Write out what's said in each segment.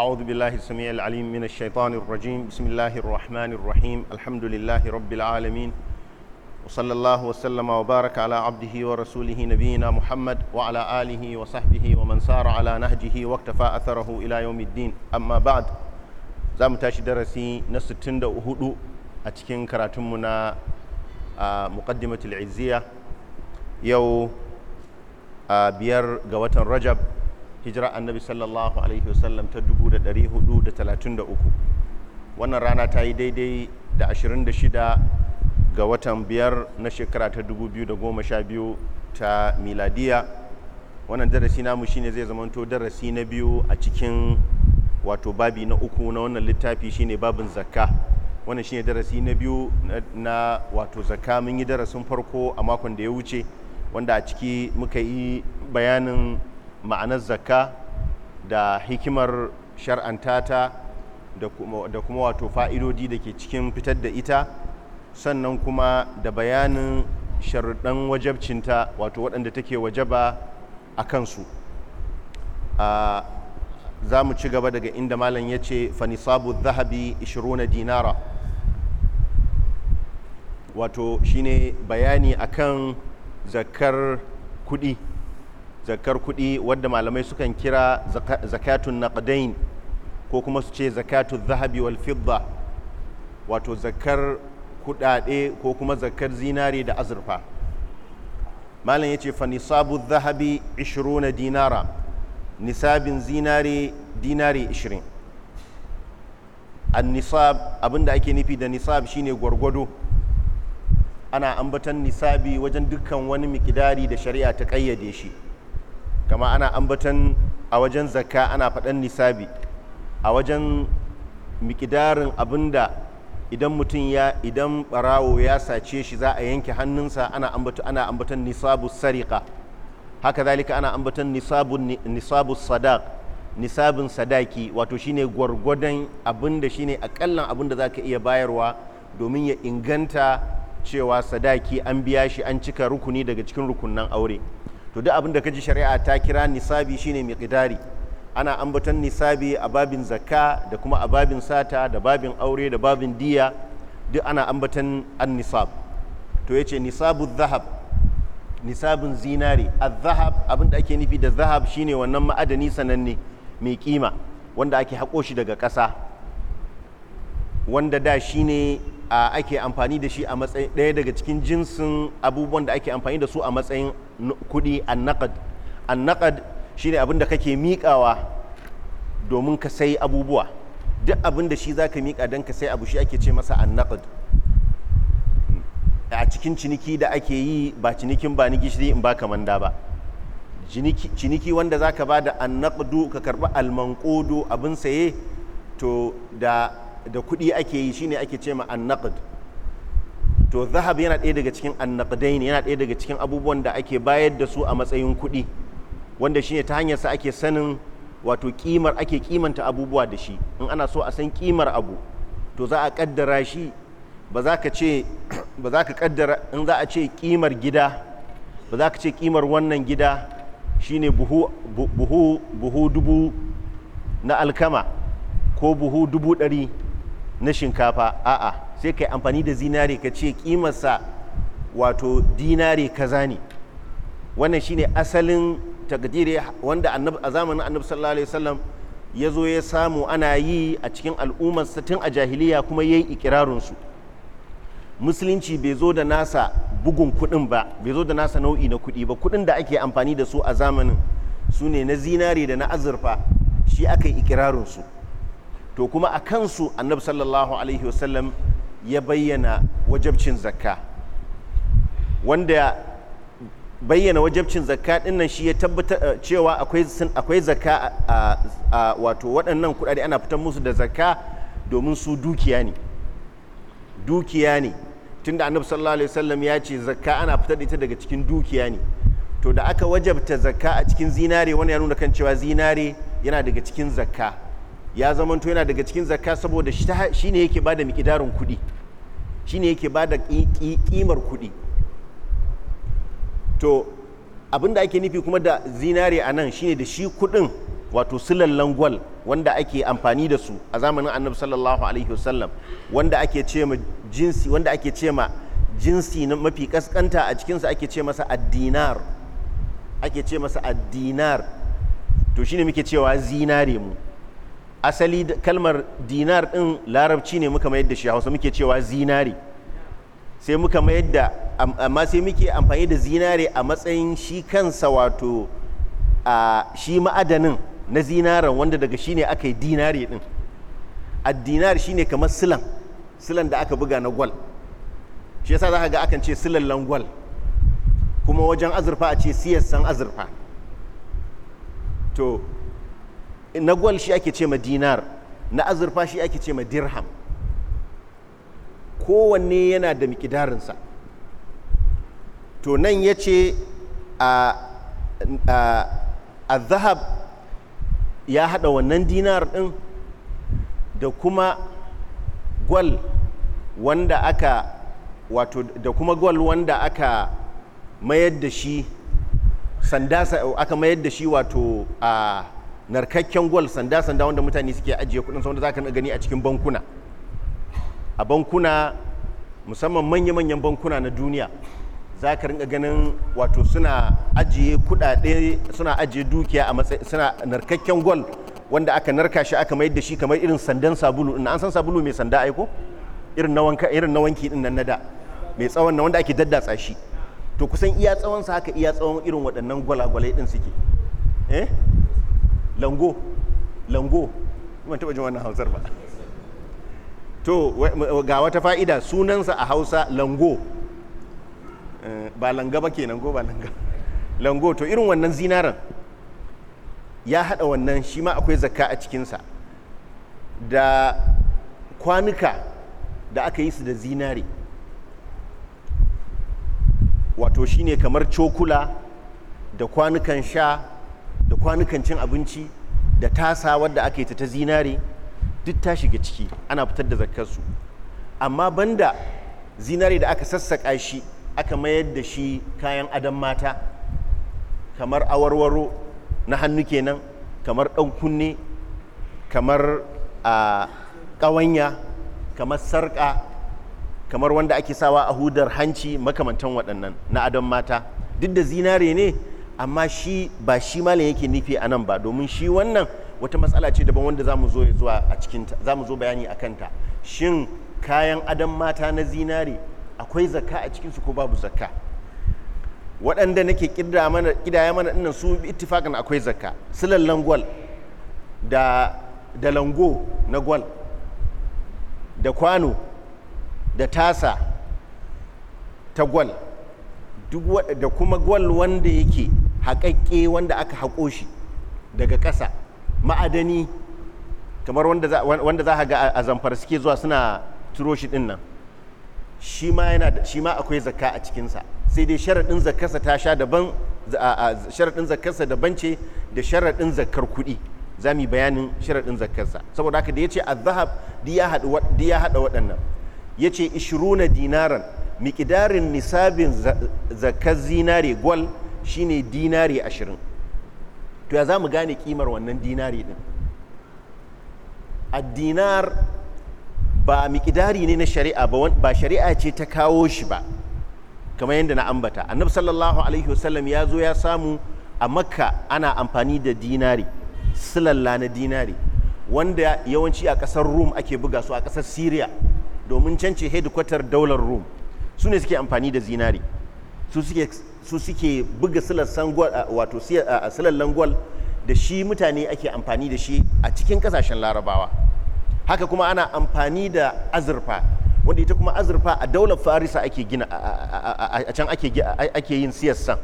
أعوذ بالله السميع العليم من الشيطان الرجيم بسم الله الرحمن الرحيم الحمد لله رب العالمين وصلى الله وسلم وبارك على عبده ورسوله نبينا محمد وعلى آله وصحبه ومن سار على نهجه واكتفى أثره إلى يوم الدين أما بعد زام تاشي درسي نستن دا أهدو أتكين كراتمنا مقدمة العزية يو بير قوة رجب hijira annabi sallallahu alaihi wasallam ta 433 wannan rana ta yi daidai da 26 ga watan biyar na shekara ta 2012 ta miladiya wannan darasi namu shine zai zamanto darasi na biyu a cikin wato babi na uku na wannan littafi shine babin zakka wannan shine darasi na biyu na wato zakka mun yi darasin farko a makon da ya wuce wanda a ciki muka yi bayanin ma'anar zakka da hikimar shar'anta ta da kuma wato fa'idodi da ke cikin fitar da ita sannan kuma da bayanin sharuɗan wajabcinta wato waɗanda take wajaba a kansu za mu ci gaba daga inda malam ya ce fanisabu zahabi 20 dinara wato shine bayani akan zakar kuɗi zakar kuɗi wadda malamai sukan kira zakatun naqdain ko kuma su ce zakatun zahabi wal fidda wato zakar kuɗaɗe ko kuma zakar zinare da azurfa malam ya ce fa nisabu zahabi 20 dinara nisabin zinare dinare 20 an nisab abinda ake nufi da nisab shine gwargwado ana ambatan nisabi wajen dukkan wani mikidari da shari'a ta ƙayyade shi kama ana ambatan a wajen zakka ana faɗan nisabi a wajen mikidarin abinda idan mutum ya idan barawo ya sace shi za a yanke hannunsa ana ambatan nisabu sariƙa haka zalika ana ambatan nisabu sadaq nisabin sadaki wato shine gwargwadon abinda shine akallan abinda zaka iya bayarwa domin ya inganta cewa sadaki an biya shi an cika rukuni daga cikin rukunan aure to duk abin da kaji shari'a ta kira nisabi shine miqdari ana ambaton nisabi a babin zakka da kuma a babin sata da babin aure da babin diya duk ana ambaton an-nisab to yace nisabu zahab nisabin zinari a zahab abin da ake nufi da zahab shine wannan ma'adani sananne mai kima wanda ake haƙo shi daga ƙasa wanda da shine ake amfani da shi a matsayin ɗaya daga cikin jinsin abubuwan da ake amfani da su a matsayin kuɗi naƙad shi ne abin da kake miƙawa domin ka sai abubuwa duk abin da shi za ka miƙa don ka sai abu shi ake ce masa naƙad a cikin ciniki da ake yi ba cinikin ba ni gishiri in ba manda ba ciniki wanda za ka ba da annaqdu ka karɓi almanƙudu abin saye to da da kuɗi ake yi shine ake ce ma annaqd to zahab yana ɗaya daga cikin ne yana ɗaya daga cikin abubuwan da ake bayar da su a matsayin kuɗi wanda shine ta hanyar sa ake sanin wato kimar ake kimanta abubuwa da shi in ana so a san kimar abu to za a kaddara shi ba za ka ce ba za ka kaddara in za a ce kimar gida ba za ka ce kimar wannan gida shine buhu buhu buhu dubu na alkama ko buhu dubu ɗari na shinkafa a'a sai ka yi amfani da zinare ka ce kimarsa wato dinare kaza ne wannan shine asalin takdiri wanda a zamanin annabi sallallahu alaihi wasallam ya zo ya samu ana yi a cikin al'ummarsa tun a jahiliya kuma ya yi ikirarinsu musulunci bai zo da nasa bugun kuɗin ba bai zo da nasa nau'i na kuɗi ba kuɗin da ake amfani da su a zamanin su ne na zinare da na azurfa shi aka yi ikirarinsu to kuma a kansu annabi sallallahu alaihi wasallam ya bayyana wajabcin zakka wanda bayyana wajabcin zakka din nan shi ya tabbata eh, cewa akwai akwai zakka a wato waɗannan kuɗaɗe ana fitar musu da zakka domin su dukiya ne dukiya ne tunda annabi sallallahu alaihi wasallam ya ce zakka ana fitar da ita daga cikin dukiya ne to da aka wajabta zakka a cikin zinare wani ya nuna kan cewa zinare yana daga cikin zakka ya zama to yana daga cikin zakka saboda shi ne yake bada miƙidarin kuɗi shi ne yake bada ƙimar kuɗi to abinda ake nufi kuma da zinare a nan ne da shi kuɗin wato silallan gwal wanda ake amfani da su a zamanin annabi sallallahu alaihi wasallam wanda ake ce ma jinsi wanda ake ce ma jinsi na mafi kaskanta a cikinsa ake ce masa addinar ake ce masa addinar to shine muke cewa zinare mu asali kalmar dinar ɗin larabci ne muka mayar da shi hausa muke cewa zinari sai muka mayar da amma sai muke amfani da zinari a matsayin shi kansa wato a shi ma'adanin na zinaran wanda daga shi ne aka yi dinari ɗin addinar shi ne kamar silan silan da aka buga na gwal shi yasa za ka ga akan ce silallan gwal kuma wajen azurfa a ce siyassan azurfa to na gwal shi ake ce ma dinar na azurfa shi ake ce ma dirham kowanne yana da mikidarinsa to nan ya ce a zahab ya haɗa wannan dinar din da kuma gwal wanda aka wato da kuma gwal wanda aka mayar da shi sanda aka mayar da shi wato a narkakken gwal sanda-sanda wanda mutane suke ajiye kudin wanda za ka gani a cikin bankuna a bankuna musamman manya-manyan bankuna na duniya za ka rinka ganin wato suna ajiye kudade suna ajiye dukiya a matsayin suna narkakken gwal wanda aka narka shi aka mayar da shi kamar irin sandan sabulu in an san sabulu mai sanda aiko irin na wanka irin na wanki din nan na da mai tsawon na wanda ake daddatsa shi to kusan iya tsawon sa haka iya tsawon irin waɗannan gwalagwalai din suke eh lango lango ban taba jin wannan hausar ba to ga wata fa'ida sunansa a hausa lango eh, ba langa ba kenan ko ba langa lango to irin wannan zinaran ya hada wannan shi ma akwai zaka a cikinsa da kwanuka da aka yi su da zinare wato shine kamar cokula da kwanukan sha da kwanukan cin abinci da tasa wadda ake ta ta zinare duk ta shiga ciki ana fitar da zakkarsu amma banda zinare da aka sassaƙa shi aka mayar da shi kayan adon mata kamar awarwaro na hannu kenan kamar ɗan kunne kamar a ƙawanya kamar sarƙa kamar wanda ake sawa a hudar hanci makamantan waɗannan na adon mata duk da zinare ne amma shi ba shi malam yake nufi a nan ba domin shi wannan wata matsala ce daban wanda za mu zo zuwa a cikinta za mu zo bayani a kanta shin kayan adam mata na zinare akwai zakka a cikinsu ko babu zakka waɗanda nake ƙidaya mana ɗinnan su ittifakan akwai zakka silallan gwal da da lango na gwal da kwano da tasa ta gwal da kuma gwal wanda yake haƙaƙƙe wanda aka haƙo shi daga ƙasa ma'adani kamar wanda za a ga a zamfara suke zuwa suna turo shi ɗin nan shi ma akwai zakka a cikinsa sai dai sharaɗin zakkarsa ta sha daban sharaɗin zakkarsa daban ce da sharaɗin zakkar kuɗi za mu yi bayanin sharaɗin zakkarsa saboda haka da ya ce a zahab di ya haɗa waɗannan ya ce ishiruna dinaran miƙidarin nisabin zakkar zinare gwal shine dinari ashirin to ya za mu gane kimar wannan dinari din addinar ba mikidari ne na shari'a ba shari'a ce ta kawo shi ba kamar yadda na ambata annabi sallallahu alaihi wasallam ya zo ya samu a makka ana amfani da dinari silalla na dinari wanda yawanci a ƙasar rum ake buga su a ƙasar syria domin cance hedikwatar daular rum su ne suke amfani da zinari su suke su suke buga wato silallan gwal da shi mutane ake amfani da shi a cikin kasashen larabawa haka kuma ana amfani da azurfa wanda ita kuma azurfa a daular farisa ake gina a can ake yin siyassan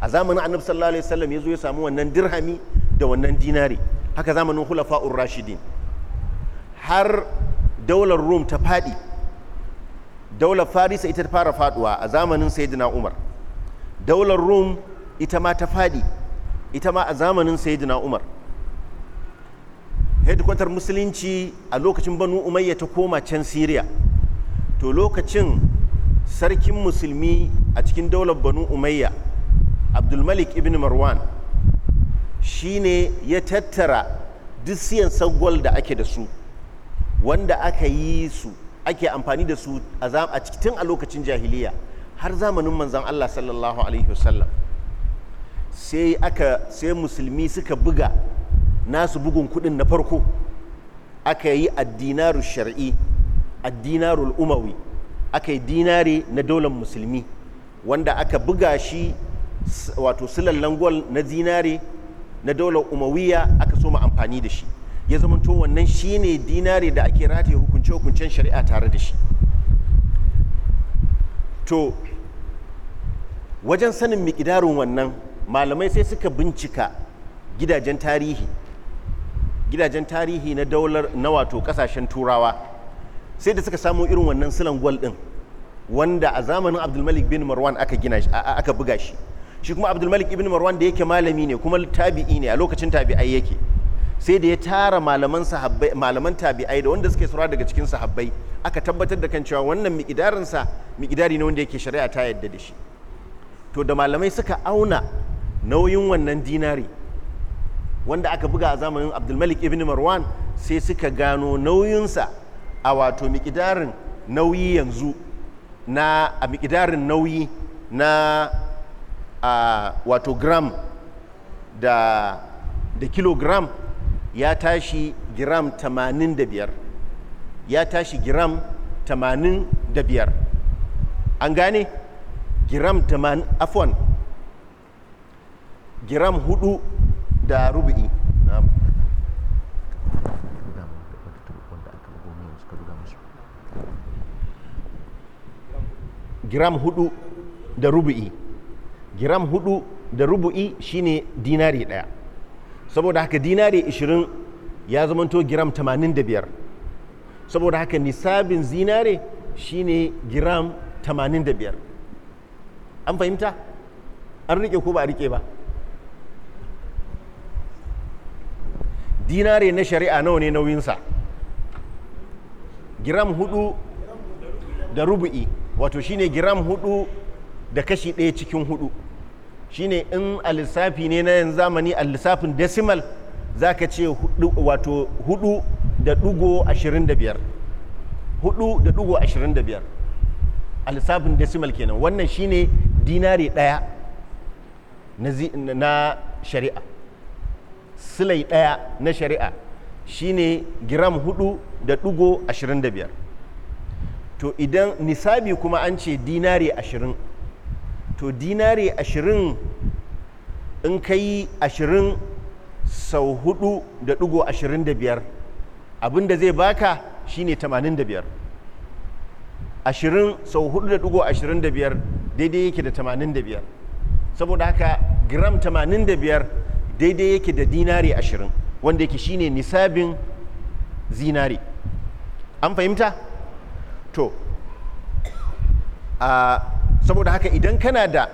a zamanin annabi sallallahu alaihi wasallam ya zo ya samu wannan dirhami da wannan dinari haka zamanin hulafa'ur rashidin har daular rum ta faɗi daular farisa ita ta fara faduwa a zamanin sayyidina umar daular rum ita ma ta faɗi ita ma a zamanin sayyidina umar hedkwatar musulunci a lokacin banu umayya ta koma can syria to lokacin sarkin musulmi a cikin daular banu umayya abdulmalik ibn marwan shine ya tattara duk siyan sagwal da ake da su wanda aka yi su ake amfani da su a tun a lokacin jahiliya har zamanin manzan Allah sallallahu alaihi wasallam sai aka sai musulmi suka buga nasu bugun kudin na farko aka yi addinaru shar'i addinaru umawi aka yi dinari na daular musulmi wanda aka buga shi wato silallan gwal na dinare na daular umawiya aka so mu amfani da shi ya zamanto wannan ne dinare da ake rataye hukunce-hukuncen shari'a tare da shi to wajen sanin miƙidarin wannan malamai sai suka bincika gidajen tarihi gidajen tarihi na daular na wato kasashen turawa sai da suka samu irin wannan silan gwal din wanda a zamanin abdulmalik bin marwan aka gina shi aka buga shi shi kuma abdulmalik ibn marwan da yake malami ne kuma tabi'i ne a lokacin tabi'ai yake sai da ya tara malaman sahabbai malaman tabi'ai da wanda suke sura daga cikin sahabbai aka tabbatar da kan cewa wannan miƙidarinsa miƙidari ne wanda yake shari'a ta yadda da shi to da malamai suka auna nauyin wannan dinari wanda aka buga a zamanin abdulmalik ibn marwan sai suka gano nauyinsa a wato mikidarin nauyi yanzu na a mikidarin nauyi na a wato gram da da kilogram ya tashi gram 85 ya tashi gram 85 an gane giram taman afwan giram hudu da rubi'i giram hudu da rubu'i giram hudu da rubu'i shine dinari daya saboda haka dinari 20 ya zamanto giram 85 saboda haka nisabin zinare shine giram biyar. an fahimta an rike ko ba a rike ba dinare na shari'a nawa ne nauyinsa giram hudu da rubu'i wato shine giram hudu da kashi ɗaya cikin hudu shine in a lissafi ne na yanzu zamani a lissafin decimal za ka ce wato hudu da dugo ashirin da biyar hudu da dugo ashirin da biyar a decimal kenan wannan shine dinari ɗaya na shari'a silai ɗaya na shari'a shine giram hudu da ɗigo ashirin da biyar to idan nisabi kuma an ce dinari ashirin to dinari ashirin in ka yi ashirin sau hudu da ɗigo ashirin da biyar abinda zai baka shine tamanin da biyar ashirin sau hudu da dugo ashirin da biyar daidai yake da tamanin da biyar saboda haka gram tamanin da biyar daidai yake da dinari ashirin wanda yake shine nisabin zinari an fahimta to a saboda haka idan kana da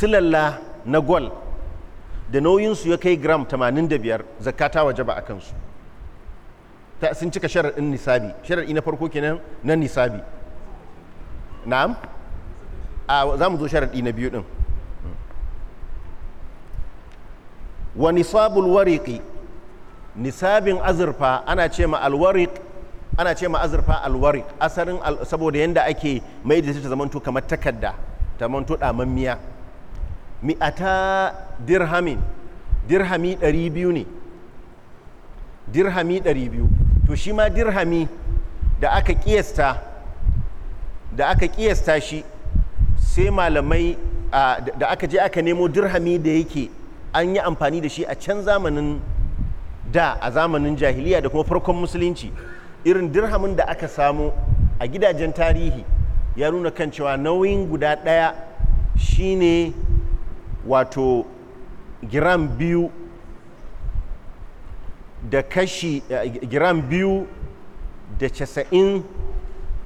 silalla na gwal da nauyinsu ya kai gram tamanin da biyar zakata ba a kansu sun cika sharaɗin nisabi sharaɗi na farko kenan na nisabi na'am za mu zo sharaɗi na biyu ɗin wa nisabul wariki nisabin azurfa ana ce ma alwarik ana ce ma azurfa alwarik asarin saboda yadda ake mai da ta zamanto kamar takarda ta manto ɗamammiya mi'ata dirhamin dirhami ɗari biyu ne dirhami ɗari biyu to shi ma dirhami da aka ƙiyasta da aka kiyasta shi sai malamai da aka je aka nemo dirhami da yake an yi amfani da shi a can zamanin da a zamanin jahiliya da kuma farkon musulunci irin dirhamin da aka samu a gidajen tarihi ya nuna kan cewa nauyin guda ɗaya shine wato giram biyu da kashi eh, giram biyu da casa'in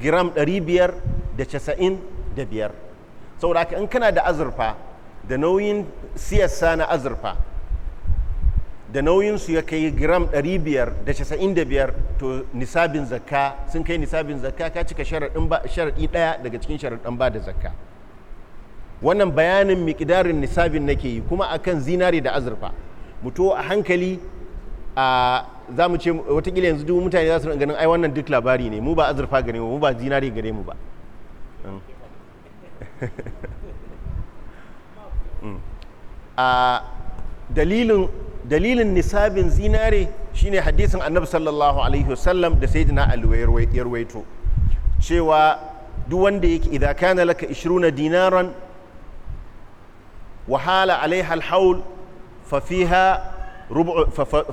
giram 595 saboda haka in kana da azurfa da nauyin siyasa na azurfa da nauyinsu ya kai giram 595 to nisabin zakka sun kai nisabin zakka ka cika sharaɗi ɗaya daga cikin sharaɗin ba da zakka wannan bayanin mikidarin nisabin nake yi kuma akan zinari da azurfa mutuwa a hankali za mu ce watakila yanzu dubu mutane za su ganin ai wannan duk labari ne mu ba azurfa gare mu mu ba zinare gare mu ba hmm. Hmm. a dalilin dalilin nisabin zinare shine hadisin annabi sallallahu alaihi wasallam da sayyidina ali ya cewa duk wanda yake idza kana laka 20 dinaran wahala alaiha alhaul fa fiha rubu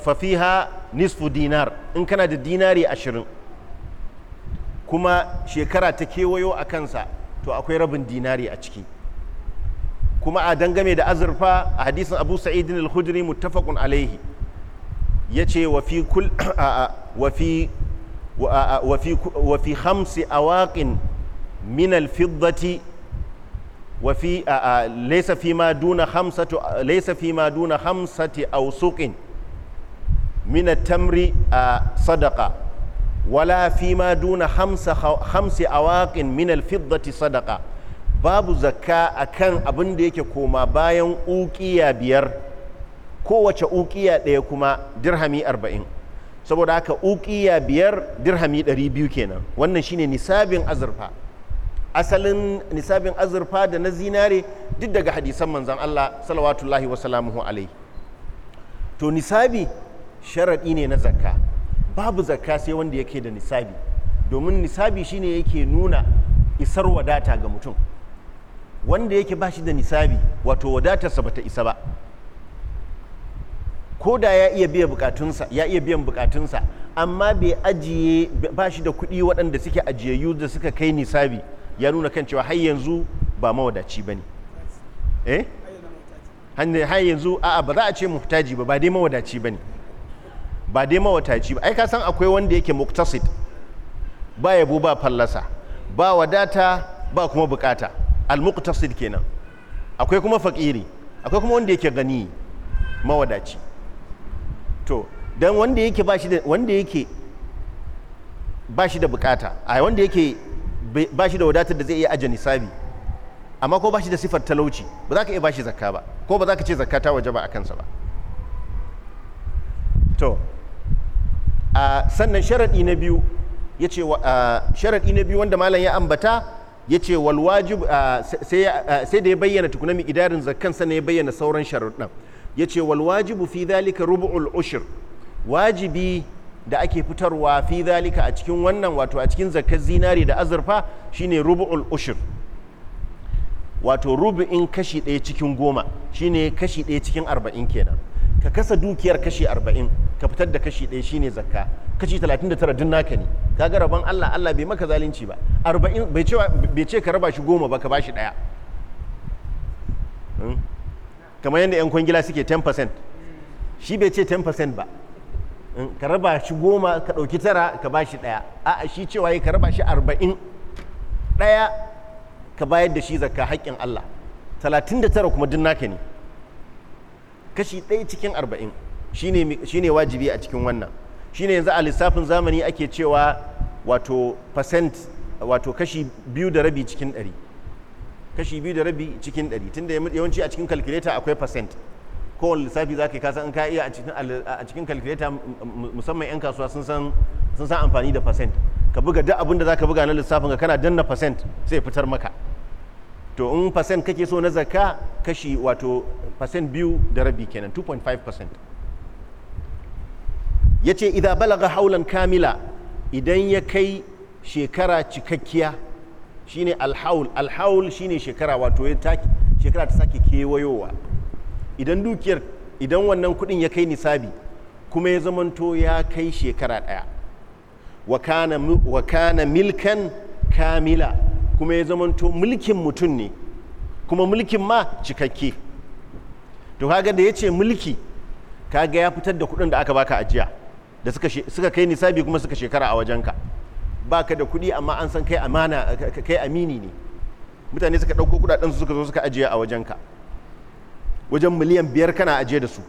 fafiha nisfu dinar in kana da dinari ashirin kuma shekara ta kewayo a kansa to akwai rabin dinari a ciki kuma a dangame da azurfa a hadisin abu sa'idin al-khudri muttafaqun alaihi ya ce wa fi kul wa fi khamsi laisafi ma duna hamsa ti a wasuukin minna tamari a sadaka wala fi ma duna hamsi a waƙin minna alfihar ti sadaka babu zakka a kan abin da yake koma bayan ukiya biyar ko wacce ukiya ɗaya kuma dirhami arba'in saboda haka ukiya biyar dirhami dari biyu kenan wannan shine nisabin azurfa. asalin nisabin azurfa da na zinare duk daga hadisan manzan Allah salawatullahi wa salamuhu to nisabi sharaɗi ne na zakka babu zakka sai wanda yake da nisabi domin nisabi shine yake nuna isar wadata ga mutum wanda yake ba shi da nisabi wato wadatarsa bata isa ba ko da ya iya biya bukatunsa ya iya biyan bukatunsa amma bai ajiye ba shi da kuɗi waɗanda suke ajiyayyu da suka kai nisabi ya nuna kan cewa har yanzu ba mawadaci ba ne eh har yanzu a'a ba za a ce muhtaji ba ba dai mawadaci ba ne ba dai mawadaci ba ai ka san akwai wanda yake muktasid ba yabo ba fallasa ba wadata ba kuma bukata al muktasid kenan akwai kuma fakiri akwai kuma wanda yake gani mawadaci to dan wanda yake ba shi da wanda yake ba shi da bukata a wanda yake ba shi da wadatar da zai iya aje nisabi amma ko ba shi da sifar talauci ba za ka iya ba shi zakka ba ko ba za ka ce zakka ta waje ba a kansa ba to a sannan sharaɗi na biyu ya ce sharaɗi na biyu wanda malam ya ambata ya ce walwajib sai da ya bayyana tukuna mai idarin zakkan sannan ya bayyana sauran sharaɗin ya ce walwajibu fi zalika rubu'ul ushir wajibi da ake fitarwa fi zalika a cikin wannan wato a cikin zakar zinari da azurfa shine rubu'ul ushur wato rubu'in kashi ɗaya cikin goma shine kashi ɗaya cikin arba'in kenan ka kasa dukiyar kashi arba'in ka fitar da kashi ɗaya shine zakka kashi talatin da tara dun naka ne ka ga rabon allah allah bai maka zalunci ba arba'in bai ce ka raba shi goma ba ka ba shi ɗaya hmm? kamar yadda 'yan kwangila suke 10% shi bai ce 10% ba ka raba shi goma ka ɗauki tara ka ba shi ɗaya a shi cewa ka raba shi arba'in ɗaya ka bayar da shi zakka haƙƙin Allah talatin da tara kuma duk naka ne kashi ɗaya cikin arba'in shi ne wajibi a cikin wannan shi ne yanzu a lissafin zamani ake cewa wato percent wato kashi biyu da rabi cikin ɗari kashi biyu da rabi cikin ɗari tunda yawanci a cikin calculator akwai percent kowane lissafi za ka yi kasan in ka iya a cikin calculator musamman 'yan kasuwa sun san amfani da percent ka buga duk abin da za ka buga na lissafin ka kana danna percent sai fitar maka to in percent kake so na zakka kashi wato percent biyu da rabi kenan 2.5 percent ya ce idan balaga haulan kamila idan ya kai shekara cikakkiya shine alhaul alhaul shine shekara wato ya shekara ta sake kewayowa idan dukiyar idan wannan kuɗin ya kai nisabi kuma ya zamanto ya kai shekara ɗaya wa kana milkan kamila kuma ya zamanto mulkin mutum ne kuma mulkin ma cikakke to kaga da ya ce mulki kaga ya fitar da kuɗin da aka baka ajiya da suka kai nisabi kuma suka shekara a wajenka baka da kuɗi amma an san kai amini ne mutane suka ɗauko su suka zo suka ajiye a wajenka wajen miliyan biyar kana ajiye da su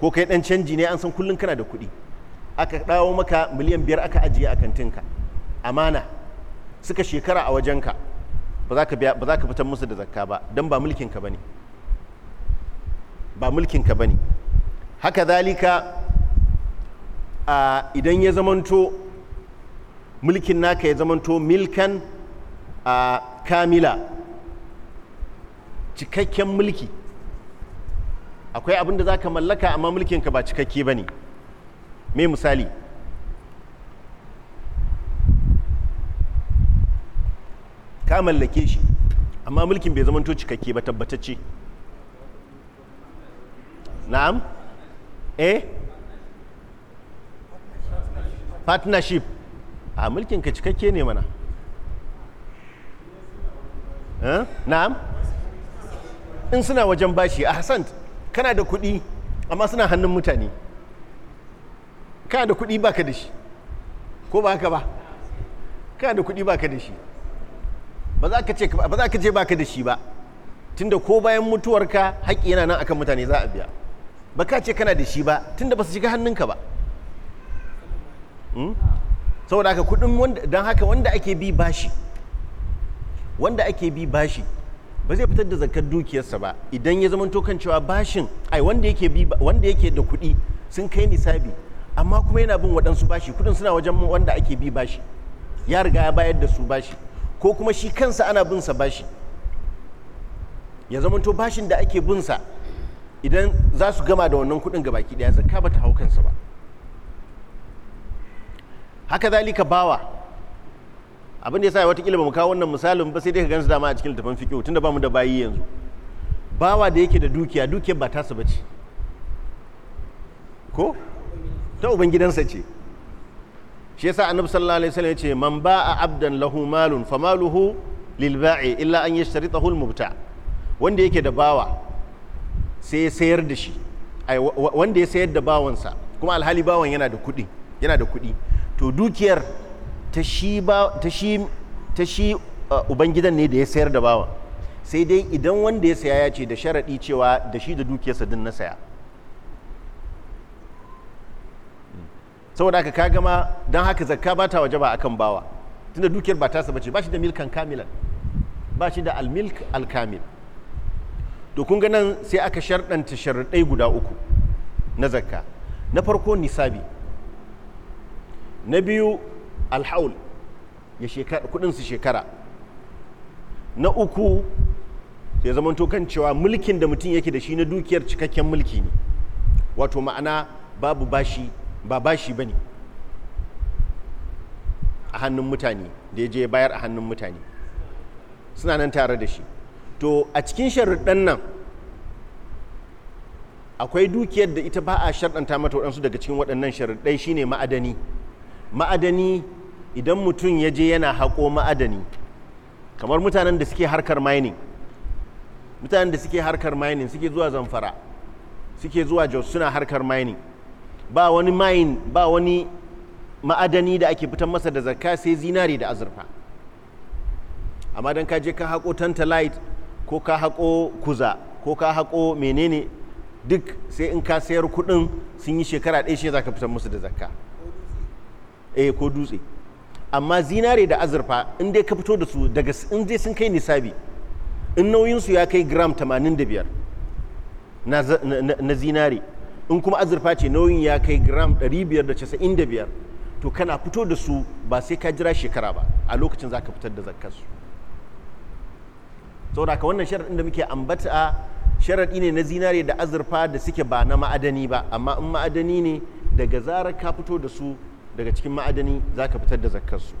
ko kai dan canji ne an san kullum kana da kuɗi aka dawo maka miliyan biyar aka ajiye a kantinka amana suka shekara a wajenka ba za ka ba za ka fitar musu da zakka ba dan ba mulkin ka bane ba mulkin ka bane haka zalika idan ya zamanto mulkin naka ya zamanto milkan kamila cikakken mulki akwai abin da za ka mallaka amma mulkinka ba cikakke ba ne mai misali ka mallake shi amma mulkin bai zamanto cikakke ba tabbatacce na'am eh partnership a mulkinka cikakke ne mana eh? na'am in suna wajen bashi a hassan kana da kuɗi amma suna hannun mutane kana da kuɗi baka da shi ko ba haka ba kana da kuɗi baka da shi ba za ka ce baka da shi ba tunda ko bayan mutuwarka haƙƙi yana nan akan mutane za a biya ba ka ce kana da shi ba tunda ba su shiga hannunka ba hmm? saboda haka kuɗin don haka wanda ake bi bashi wanda ake bi bashi ba zai fitar da zakar dukiyarsa ba idan ya zamanto kan cewa bashin ai wanda yake da kuɗi sun kai nisabi amma kuma yana bin waɗansu bashi kuɗin suna wajen wanda ake bi bashi ya riga ya bayar da su bashi ko kuma shi kansa ana bin sa bashi ya zamanto bashin da ake bin sa idan za su gama da wannan kuɗin gabaki ɗaya zakka ba ta hau ba haka zalika bawa abin da yasa watakila ba mu kawo wannan misalin ba sai dai ka gansu dama a cikin littafin fiqh tunda ba mu da bayi yanzu bawa da yake da dukiya dukiyar ba tasa ce. ko ta ubangidansa ce shi yasa annabi sallallahu alaihi wasallam yace man ba'a abdan lahu malun famaluhu lil ba'i illa an yashtaritahu al mubta wanda yake da bawa sai sayar da shi wanda ya sayar da bawansa kuma alhali bawan yana da kuɗi yana da kuɗi to dukiyar ta shi uh, ubangidan ne da ya sayar da bawa sai dai idan wanda ya saya ya ce da sharaɗi cewa da shi da dukiyarsa din na saya saboda aka ka gama don haka zakka ba ta waje ba kan bawa tunda dukiyar ba tasa bace ba shi da milkan kamilan ba shi da almilk alkamil to kun nan sai aka sharɗanta sharaɗai guda uku na zakka na farko nisabi na biyu alhaul ya shekara shekara na uku ya zama kan cewa mulkin da mutum yake da shi na dukiyar cikakken mulki ne wato ma'ana babu bashi ba bashi ba ne a hannun mutane da ya je bayar a hannun mutane suna nan tare da shi to a cikin sharuɗan nan akwai dukiyar da ita ba a sharɗanta mata waɗansu daga cikin waɗannan sharuɗai shine ma'adani ma'adani idan mutum ya je yana haƙo ma'adani kamar mutanen da suke harkar mining mutanen da suke harkar mining suke zuwa zamfara suke zuwa jos suna harkar mining ba wani mine ba wani ma'adani da ake fitan masa da zakka sai zinari da azurfa amma don ka je ka haƙo tantalite ko ka haƙo kuza ko ka haƙo menene duk sai in ka sayar kuɗin sun yi shekara ɗaya shi za ka fitan musu da zakka eh ko dutse amma zinare da azurfa in dai ka fito da su daga in dai sun kai nisabi in nauyinsu ya kai gram 85 na, zinare in kuma azurfa ce nauyin ya kai gram 595 to kana fito da su ba sai ka jira shekara ba a lokacin za ka fitar da zakkarsu saboda ka wannan sharaɗin da muke ambata sharaɗi ne na zinare da azurfa da suke ba na ma'adani ba amma in ma'adani ne daga zarar ka fito da su daga cikin ma'adani za ka fitar da zakkarsu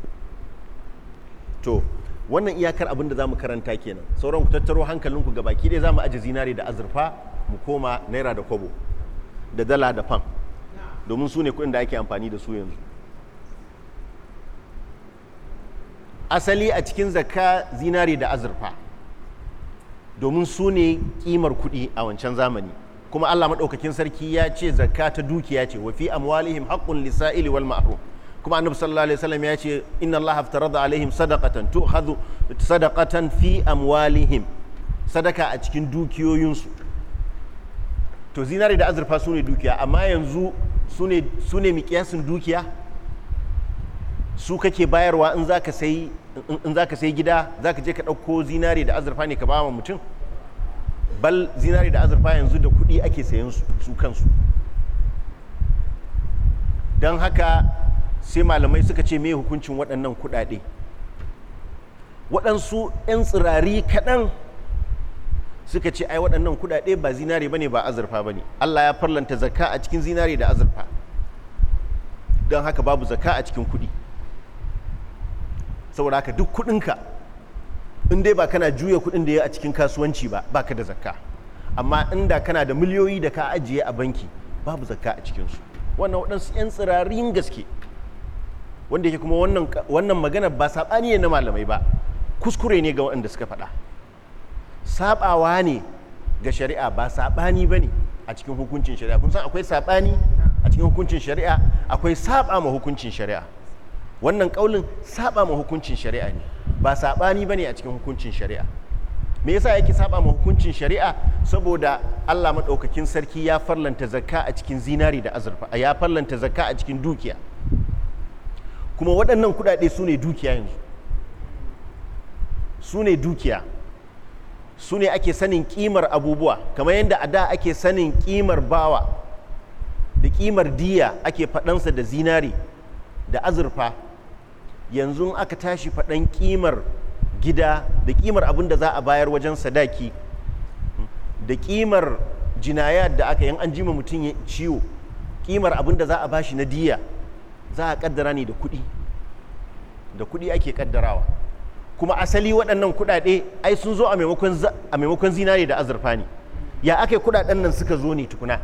to wannan iyakar abin da za mu karanta kenan sauran ku tattaro hankalinku ga baki ɗaya za mu aji zinare da azurfa mu koma naira da kwabo da dala da fam domin su ne kuɗin da ake amfani da su yanzu asali a cikin zakka zinare da azurfa domin su ne ƙimar kuɗi a wancan zamani kuma Allah madaukakin sarki ya ce zakka ta dukiya ce wa fi amwalihim haqqun lisa'ili wal mahrum kuma annabi sallallahu alaihi wasallam ya ce inna Allah haftarada alaihim sadaqatan tu'khadhu sadaqatan fi amwalihim sadaka a cikin dukiyoyinsu to zinari da azurfa su ne dukiya amma yanzu su ne miƙiyasin dukiya su kake bayarwa in in zaka sai gida zaka je ka ɗauko zinari da azurfa ne ka ba mutum bal zinari da azurfa yanzu da kuɗi ake sayan su kansu don haka sai malamai suka ce mai hukuncin waɗannan kuɗaɗe waɗansu 'yan tsirari kaɗan suka ce ai waɗannan kuɗaɗe ba zinare ba ne ba azurfa ba ne allah ya farlanta zakka a cikin zinare da azurfa don haka babu zakka a cikin kuɗi saboda haka duk kuɗinka in dai ba kana juya kuɗin da ya a cikin kasuwanci ba baka da zakka amma inda kana da miliyoyi da ka ajiye a banki babu zakka a cikinsu wannan waɗansu 'yan tsirarin gaske wanda yake kuma wannan magana ba saɓani ne na malamai ba kuskure ne ga waɗanda suka faɗa saɓawa ne ga shari'a ba saɓani ba ne a cikin hukuncin shari'a kun san akwai saɓani a cikin hukuncin shari'a akwai saɓa ma hukuncin shari'a wannan kaulin saba ma hukuncin shari'a ne ba sabani bane a cikin hukuncin shari'a me yasa yake saba ma hukuncin shari'a saboda Allah madaukakin sarki ya farlanta zakka a cikin zinari da azurfa ya farlanta zakka a cikin dukiya kuma waɗannan kuɗaɗe su ne dukiya yanzu su ne dukiya su ne ake sanin kimar abubuwa kamar yadda a da ake sanin kimar bawa da kimar diya ake faɗansa da zinari da azurfa yanzu aka tashi faɗan ƙimar gida da ƙimar abin da za a bayar wajen sadaki da ƙimar jinayat da aka yin an jima mutum ciwo ƙimar abin da za a bashi na diya za a ƙaddara ne da kuɗi da kuɗi ake ƙaddarawa kuma asali waɗannan kuɗaɗe ai sun zo a maimakon zinare da azurfa ne ya ake kuɗaɗen nan suka zo ne tukuna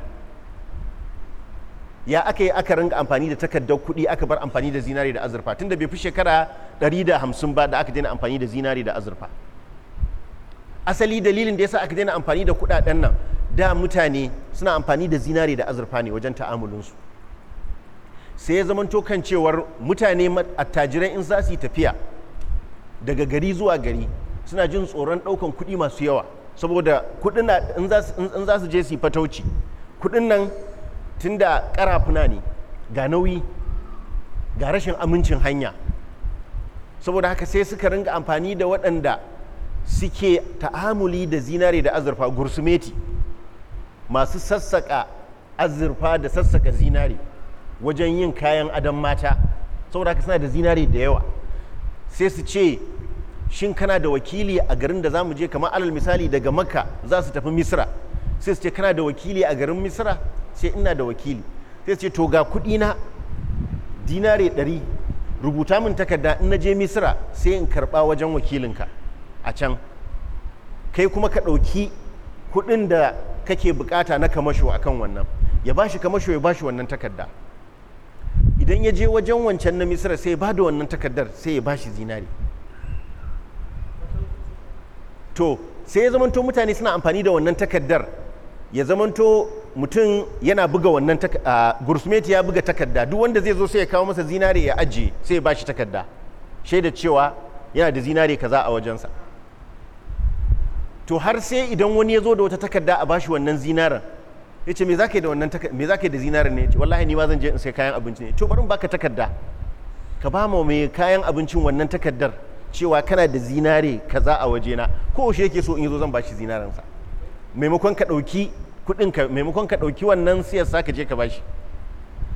ya aka yi aka ringa amfani da takardar kuɗi aka bar amfani da zinari da azurfa tunda bai fi shekara 150 ba da aka daina amfani da zinari da azurfa asali dalilin da yasa aka daina amfani da kuɗaɗen nan da mutane suna amfani da zinari da azurfa ne wajen ta'amulinsu sai ya zamanto kan cewar mutane attajirai in za yi tafiya daga gari zuwa gari suna jin tsoron ɗaukan kuɗi masu yawa saboda kuɗin in za su je su yi fatauci kuɗin nan tunda karafuna ne ga nauyi ga rashin amincin hanya saboda haka sai suka ringa amfani da waɗanda suke ta'amuli da zinare da azurfa gursumeti masu sassaka azurfa da sassaka zinare wajen yin kayan adam mata saboda haka suna da zinare da yawa sai su ce shin kana da wakili a garin da za mu je kamar alal misali daga makka za su tafi misra sai su ce kana da wakili a garin misira sai ina da wakili sai su ce to ga kuɗi na dinare ɗari rubuta min takarda in je misira sai in karba wajen wakilinka a can kai kuma ka ɗauki kuɗin da kake bukata na kamasho akan wannan ya ba shi kamasho ya ba shi wannan takarda idan ya je wajen wancan na misira sai ba da wannan takardar sai ya ba shi zinari to sai ya zama mutane suna amfani da wannan takardar ya zamanto mutum yana buga wannan gursumeti ya buga takarda duk wanda zai zo sai ya kawo masa zinare ya ajiye sai ya bashi takarda shaida cewa yana da zinare kaza a wajensa to har sai idan wani ya zo da wata takarda a bashi wannan zinaren ya ce me za ka yi da wannan me za ka da zinaren ne ce wallahi ni ma zan je in sai kayan abinci ne to bari baka takarda ka ba mu mai kayan abincin wannan takardar cewa kana da zinare kaza a wajena ko shi yake so in zo zan bashi zinarensa maimakon ka ɗauki kuɗin ka maimakon ka ɗauki wannan siyasa ka je ka bashi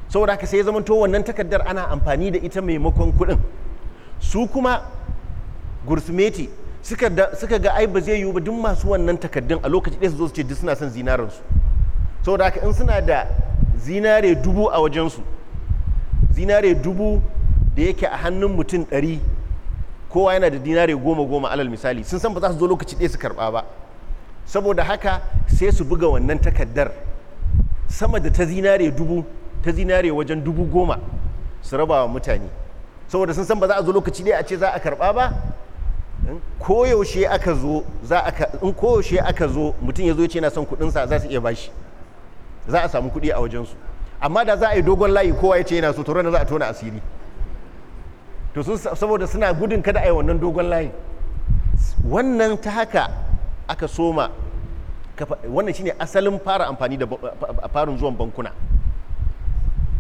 saboda ka sai ya zamanto wannan takardar ana amfani da ita maimakon kuɗin su kuma gursumeti suka ga ai ba zai yiwu ba duk masu wannan takardun a lokaci ɗaya su zo su ce duk suna son su saboda ka in suna da zinare dubu a wajensu zinare dubu da yake a hannun mutum ɗari kowa yana da dinare goma goma alal misali sun san ba za su zo lokaci ɗaya su karɓa ba saboda haka sai su buga wannan takaddar sama da ta zinare dubu ta zinare wajen dubu goma su raba wa mutane saboda sun san ba za a zo lokaci ɗaya a ce za a karɓa ba koyaushe aka zo aka in koyaushe aka zo mutum ya zo ya ce yana son sa za su iya bashi za a samu kuɗi a wajensu amma da za a yi dogon layi kowa ya ce yana so to za a tona asiri to saboda suna gudun kada a yi wannan dogon layi wannan ta haka aka soma wannan shine asalin fara amfani da farin zuwan bankuna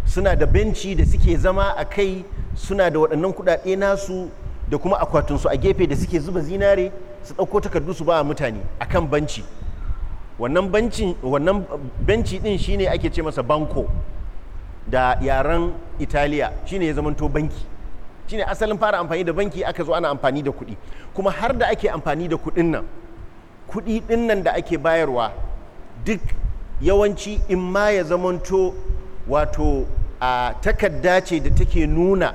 suna da benci da suke zama a kai suna da waɗannan kuɗaɗe nasu da kuma akwatinsu a gefe da suke zuba zinare su ɗauko takardu su ba mutane a kan banci wannan benci ɗin shine ake ce masa banko da yaren italiya shine ya zamanto banki shine asalin fara amfani da banki aka zo ana amfani da kuɗi kuma har da ake amfani da kuɗin nan kuɗi ɗin nan da ake bayarwa duk yawanci in ma ya zamanto wato a takarda ce da take nuna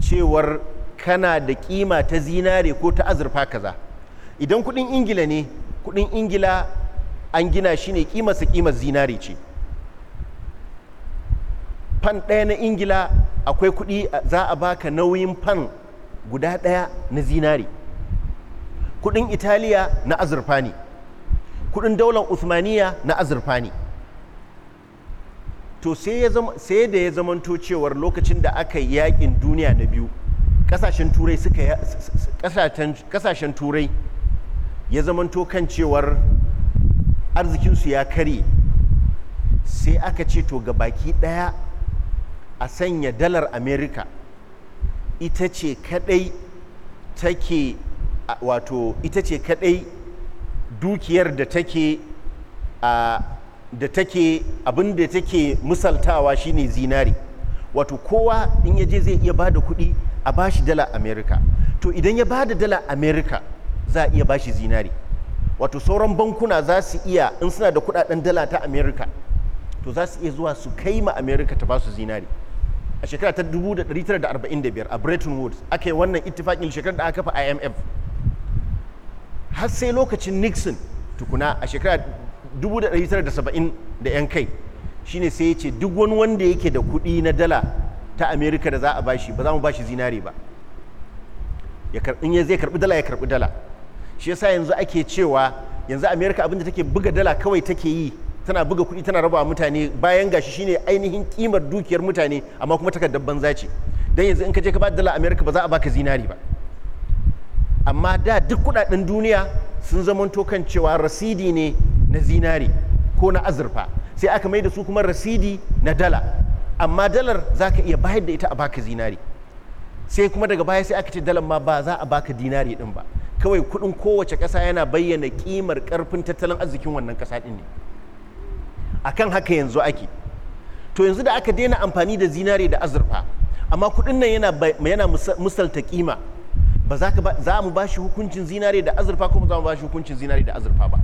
cewar kana da kima ta zinare ko ta azurfa kaza idan kuɗin ingila ne kuɗin ingila an gina shi ne ƙimarsa ƙimar zinare ce fan ɗaya na ingila akwai kuɗi za a baka nauyin fan guda ɗaya na zinare kudin italiya na azurfa ne kudin daular uthmaniya na azurfa ne to sai da ya zamanto cewar lokacin da aka yi yakin duniya na biyu kasashen turai suka kasashen turai ya zamanto kan cewar arzikinsu ya karye sai aka ce to ga baki daya a sanya dalar amerika ita ce kadai take wato ita ce kadai dukiyar da take da take abin da take misaltawa shine zinari wato kowa in yaje zai iya bada kuɗi a bashi dala america to idan ya bada dala america za a iya bashi zinari wato sauran bankuna za su iya in suna da kudaden dala ta america to za su iya zuwa su kai ma america ta basu zinari a shekara ta 1945 a bretton woods aka yi wannan ittifakin shekarar da aka kafa imf har sai lokacin nixon tukuna a shekara 1970 da 'yan kai shine sai ya ce duk wani wanda yake da kuɗi na dala ta amerika da za a bashi ba za mu bashi zinare ba in ya zai karbi dala ya karbi dala shi yasa yanzu ake cewa yanzu amerika abinda take buga dala kawai take yi tana buga kuɗi tana rabawa mutane bayan gashi shine ainihin kimar dukiyar mutane amma kuma takardar banza ce don yanzu in ka je ka ba dala amerika ba za a baka zinari ba amma da duk kudaden duniya sun zamanto kan cewa rasidi ne na zinari ko na azurfa sai aka mai da su kuma rasidi na dala amma dalar za ka iya bayar da ita a baka zinari sai kuma daga baya sai aka ce dalar ma ba za a baka dinari din ba kawai kudin kowace kasa yana bayyana kimar karfin tattalin arzikin wannan kasa din ne akan haka yanzu ake to yanzu da aka daina amfani da zinari da azurfa amma kudin nan yana musalta kima ba za ka za mu shi hukuncin zinare da azurfa kuma za mu ba shi hukuncin zinare da azurfa ba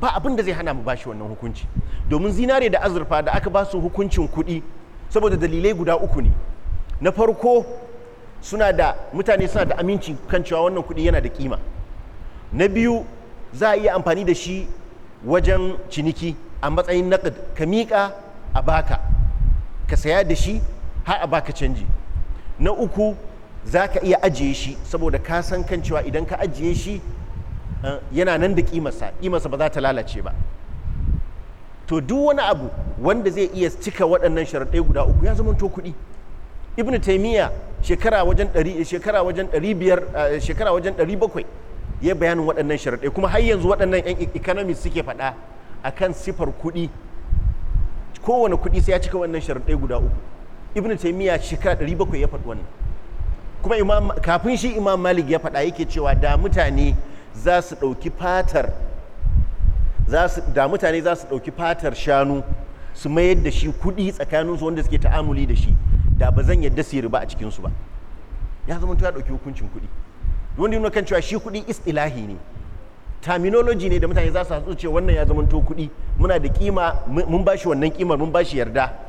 ba abin da zai hana mu ba shi wannan hukunci domin zinare da azurfa da aka ba su hukuncin kuɗi saboda dalilai guda uku ne na farko suna da mutane suna da aminci kan cewa wannan kuɗi yana da kima na biyu za a iya amfani da shi wajen ciniki a matsayin naƙad ka miƙa a baka ka saya da shi har a baka canji na uku za ka iya ajiye shi saboda ka san kan cewa idan ka ajiye shi eh, yana nan da kimasa kimasa ba za ta lalace ba to duk wani abu wanda zai iya cika waɗannan sharaɗai guda uku ya zama to kuɗi ibn taimiyya shekara wajen ɗari shekara wajen ɗari biyar eh, shekara wajen ɗari bakwai ya bayanin waɗannan sharaɗai kuma har yanzu waɗannan 'yan e-, economist suke faɗa akan sifar kuɗi kowane kuɗi sai ya cika wannan sharaɗai guda uku ibn taimiyya shekara ɗari bakwai ya faɗi wannan kuma imam kafin shi imam malik ya faɗa yake cewa da mutane za su ɗauki fatar da mutane za su ɗauki fatar shanu su mayar da shi kuɗi tsakaninsu wanda suke ta'amuli da shi da ba zan yadda su riba a cikinsu ba ya zama ya ɗauki hukuncin kuɗi wanda yana kan cewa shi kuɗi istilahi ne terminology ne da mutane za su hatsu ce wannan ya zama to kuɗi muna da kima mun bashi wannan kimar mun ba shi yarda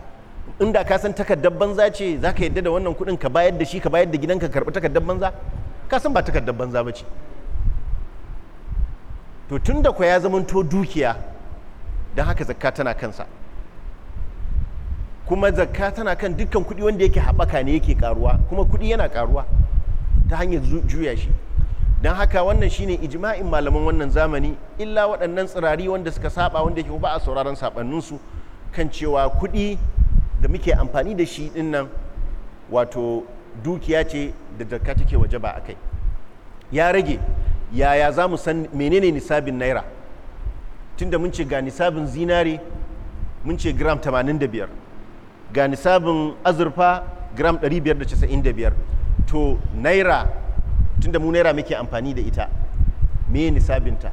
inda ka san takardar banza ce za ka yadda da wannan kuɗin ka bayar da shi ka bayar da gidanka karɓi takardar banza ka san ba takardar banza ba ce to tun da ya zamanto dukiya don haka zakka tana kansa kuma zakka tana kan dukkan kuɗi wanda yake haɓaka ne yake karuwa kuma kuɗi yana karuwa ta hanyar juya shi don haka wannan shine ijma'in malaman wannan zamani illa waɗannan tsirari wanda suka saba wanda yake ba a sauraron saɓanninsu kan cewa kuɗi da muke amfani da shi din nan wato dukiya ce da zakka take waje ba akai ya rage yaya za mu san menene nisabin naira tunda mun ce ga nisabin zinare mun ce gram 85 ga nisabin azurfa gram 595 to naira tunda mu naira muke amfani da ita me nisabinta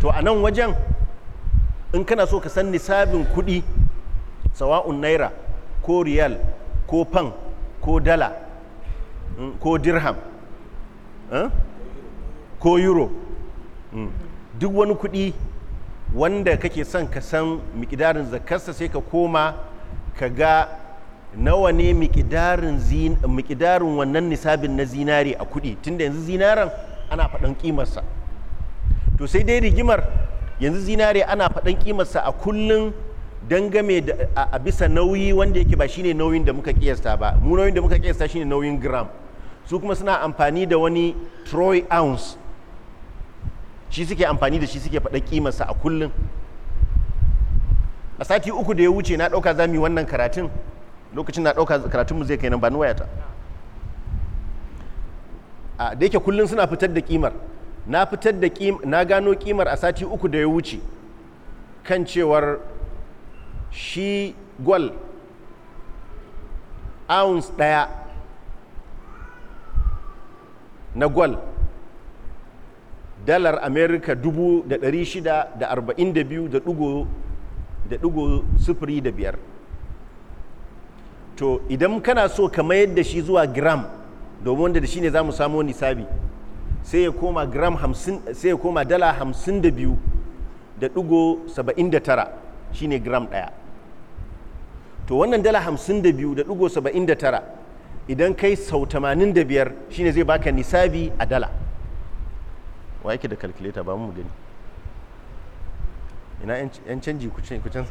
to a nan wajen in kana so ka san nisabin kuɗi sawa'un naira ko riyal ko pan ko dala mm, ko dirham eh, ko euro mm, duk wani kuɗi wanda kake son ka san mikidarin zakarsa sai ka koma ka ga nawa ne mikidarin wannan nisabin na zinari a kuɗi tunda yanzu zinaran ana faɗin ƙimarsa to sai dai rigimar yanzu zinare ana faɗan kimarsa a kullun dangame da a bisa nauyi wanda yake ba shine nauyin da muka kiyasta ba mu nauyin da muka kiyasta shine nauyin gram su kuma suna amfani da wani troy ounce shi suke amfani da shi suke faɗin kimarsa a kullun. a sati uku da ya wuce na ɗauka za mu yi wannan karatun lokacin na ɗauka karatunmu zai kai nan ba ni wayata da yake kullun suna fitar da kimar. na fitar da na gano kimar a sati uku da ya wuce kan cewar shi gwal ounce ɗaya na gwal dalar america biyar to idan kana so ka mayar da shi zuwa gram domin wanda da shi ne za mu samo nisabi sai ya koma gram hamsin sai ya koma dala hamsin da biyu da ɗigo saba'in da tara shine gram ɗaya to wannan dala hamsin da biyu da ɗigo saba'in da tara idan kai sau tamanin da biyar shine zai baka nisabi a dala wa yake da calculator ba mu gani ina 'yan canji ku can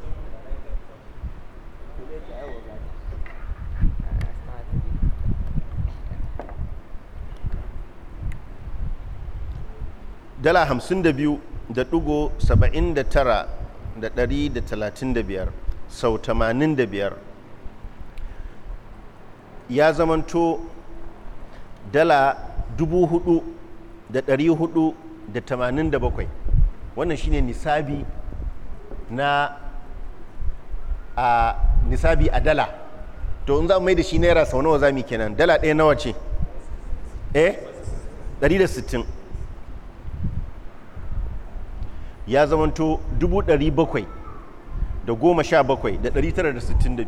dala hamsin da biyu da ɗigo saba'in da tara da ɗari da talatin da biyar sau tamanin da biyar ya zamanto dala dubu hudu da ɗari hudu da tamanin da bakwai wannan shine nisabi na a nisabi a dala to in za mu mai da shi naira sau nawa za mu kenan dala ɗaya nawa ce eh 160 ya zamanto 717,962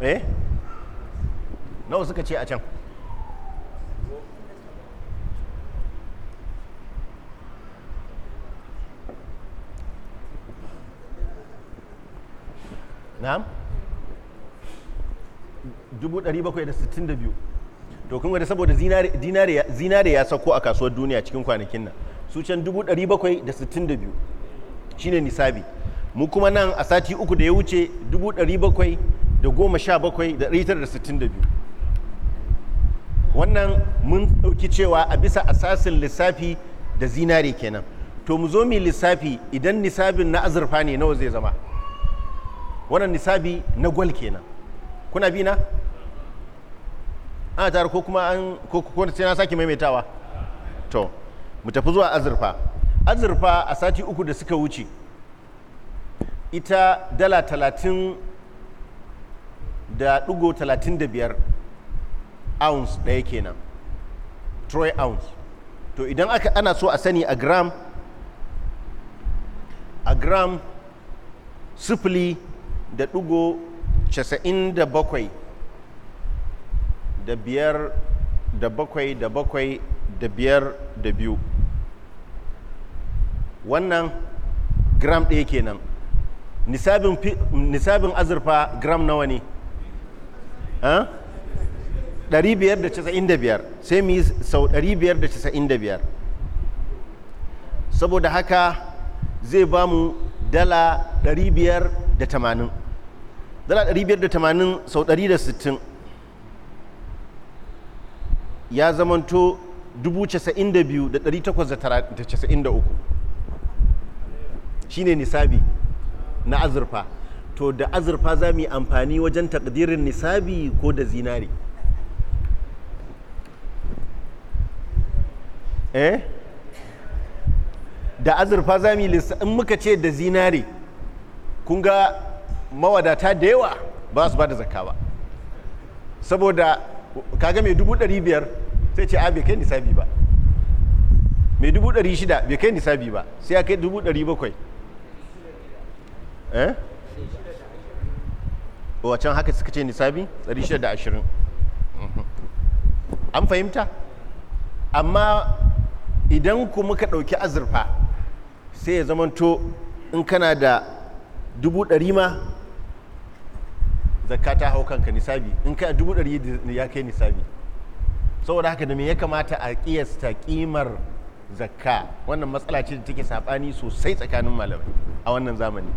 eh nawa suka ce a can na'am 762 to kun ga saboda zinare ya sauko a kasuwar duniya cikin kwanakin nan su can 762 shine nisabi mu kuma nan a sati uku da ya wuce biyu wannan mun ɗauki cewa a bisa asasin lissafi da zinare kenan to mu zo mu lissafi idan nisabin na azurfa ne nawa zai zama wannan nisabi na gwal kenan kuna bi na ana tare ko kuma an ko kuma sai na sake maimaitawa to mu tafi zuwa azurfa azurfa a sati uku da suka wuce ita dala talatin da ɗigo talatin da biyar ounce ɗaya kenan troy ounce to idan aka ana so a sani a gram a gram sifili da ɗigo casa'in da bakwai da biyar da bakwai da bakwai da biyar da biyu wannan gram ɗaya kenan nisabin azurfa gram nawa ne ɗari biyar da casa'in da biyar sai mu yi sau 595 biyar da casa'in da biyar saboda haka zai ba mu dala 580 biyar da tamanin dala 580 biyar da tamanin sau 160 da sittin ya zamanto 92,893 shi nisabi na azurfa to da azurfa za mu yi amfani wajen takdirin nisabi ko da zinari eh da azurfa za mu yi in muka ce da zinari kun ga mawadata da yawa ba su ba da zakka ba saboda kaga mai dubu biyar sai ce a bai kai nisabi ba mai dubu ɗari shida bai kai nisabi ba sai ya kai dubu ɗari bakwai eh wacan oh, haka suka ce nisabi ɗari shida da ashirin mhm. an fahimta amma idan ku muka ɗauki azurfa sai ya zamanto in kana da dubu ɗari ma zakka ta hau kanka nisabi in ka dubu ɗari ya kai nisabi saboda haka da me ya kamata a kiyasta kimar zakka wannan matsala ce da take saɓani sosai tsakanin malamai a wannan zamani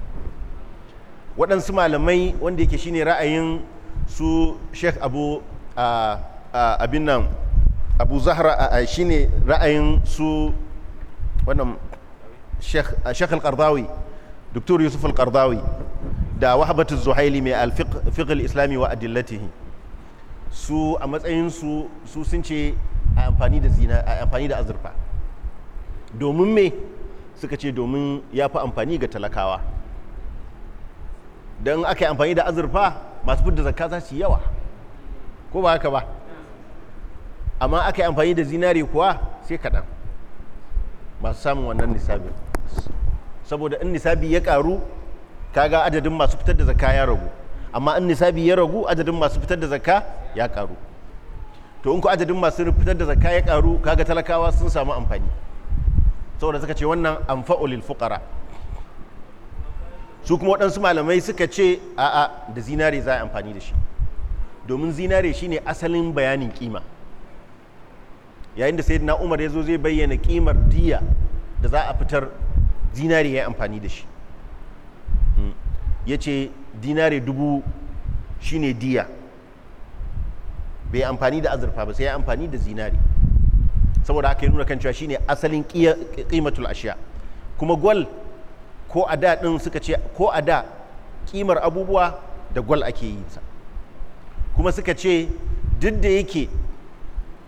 waɗansu malamai wanda yake shine ra'ayin su sheikh abu abin nan abu zahra shine ra'ayin su wannan sheikh al-qardawi doktor yusuf al-qardawi da wahabatu zuhaili mai al-fiqh islami wa adillatihi su a matsayinsu su sun ce a amfani da zina a amfani da azurfa domin me suka ce domin ya fi amfani ga talakawa don aka yi amfani da azurfa masu fudda zakka za su yi yawa ko ba haka ba amma aka yi amfani da zinare kuwa sai kaɗan masu samun wannan nisabin saboda in nisabi ya ƙaru kaga adadin masu fitar da zakka ya ragu amma in nisabi ya ragu adadin masu fitar da zakka ya karu to in ku adadin masu fitar da zakka ya karu kaga talakawa sun samu amfani saboda suka ce wannan amfa lil fuqara su kuma waɗansu malamai suka ce a'a da zinare za a amfani da shi domin zinare shine asalin bayanin kima yayin da sayyidina Umar ya zo zai bayyana kimar diya da za a fitar zinare ya amfani da shi hmm. ya ce dinare dubu shine diya bai amfani da azurfa ba sai ya amfani da zinari saboda aka yi nuna kan cewa shine asalin kimatul ashiya kuma gwal ko a da ɗin suka ce ko a da kimar abubuwa da gwal ake yi sa kuma suka ce duk da yake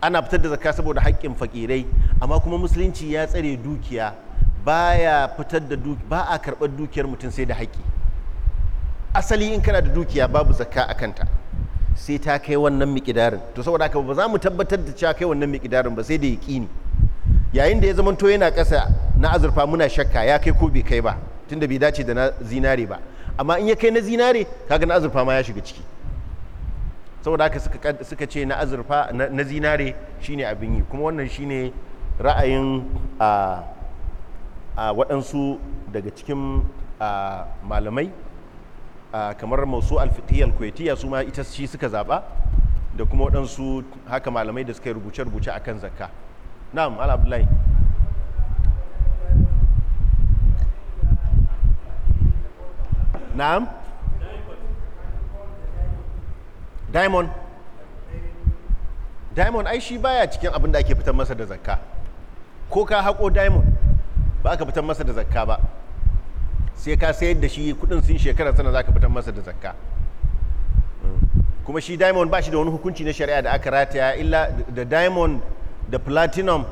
ana fitar da zakka saboda haƙƙin faƙirai amma kuma musulunci ya tsare dukiya ya fitar da ba a karɓar dukiyar mutum sai da haƙƙi asali in kana da dukiya babu zakka a kanta sai ta kai wannan miƙidarin to saboda haka ba za mu tabbatar da cewa kai wannan miƙidarin ba sai da yaƙini yayin da ya zama to yana ƙasa na azurfa muna shakka ya kai ko bai kai ba tunda bai dace da na zinare ba amma in ya kai na zinare kaga na azurfa ma ya shiga ciki saboda haka suka ce na azurfa na zinare shine abin yi kuma wannan shine ra'ayin a ah, ah, waɗansu daga cikin ah, malamai kamar masu alfiqiyya alkuwaitiya su ma ita shi suka zaba da kuma waɗansu haka malamai da suka yi rubuce-rubuce a kan zakka na'am al na'am diamond diamond ai shi baya cikin abin da ake fitar masa da zakka ko ka haƙo diamond ba ka fitar masa da zakka ba sai ka sayar da shi kudin sun shekara sana za ka fitar masa da zakka kuma shi diamond ba shi da wani hukunci na shari'a da aka rataya illa da diamond da platinum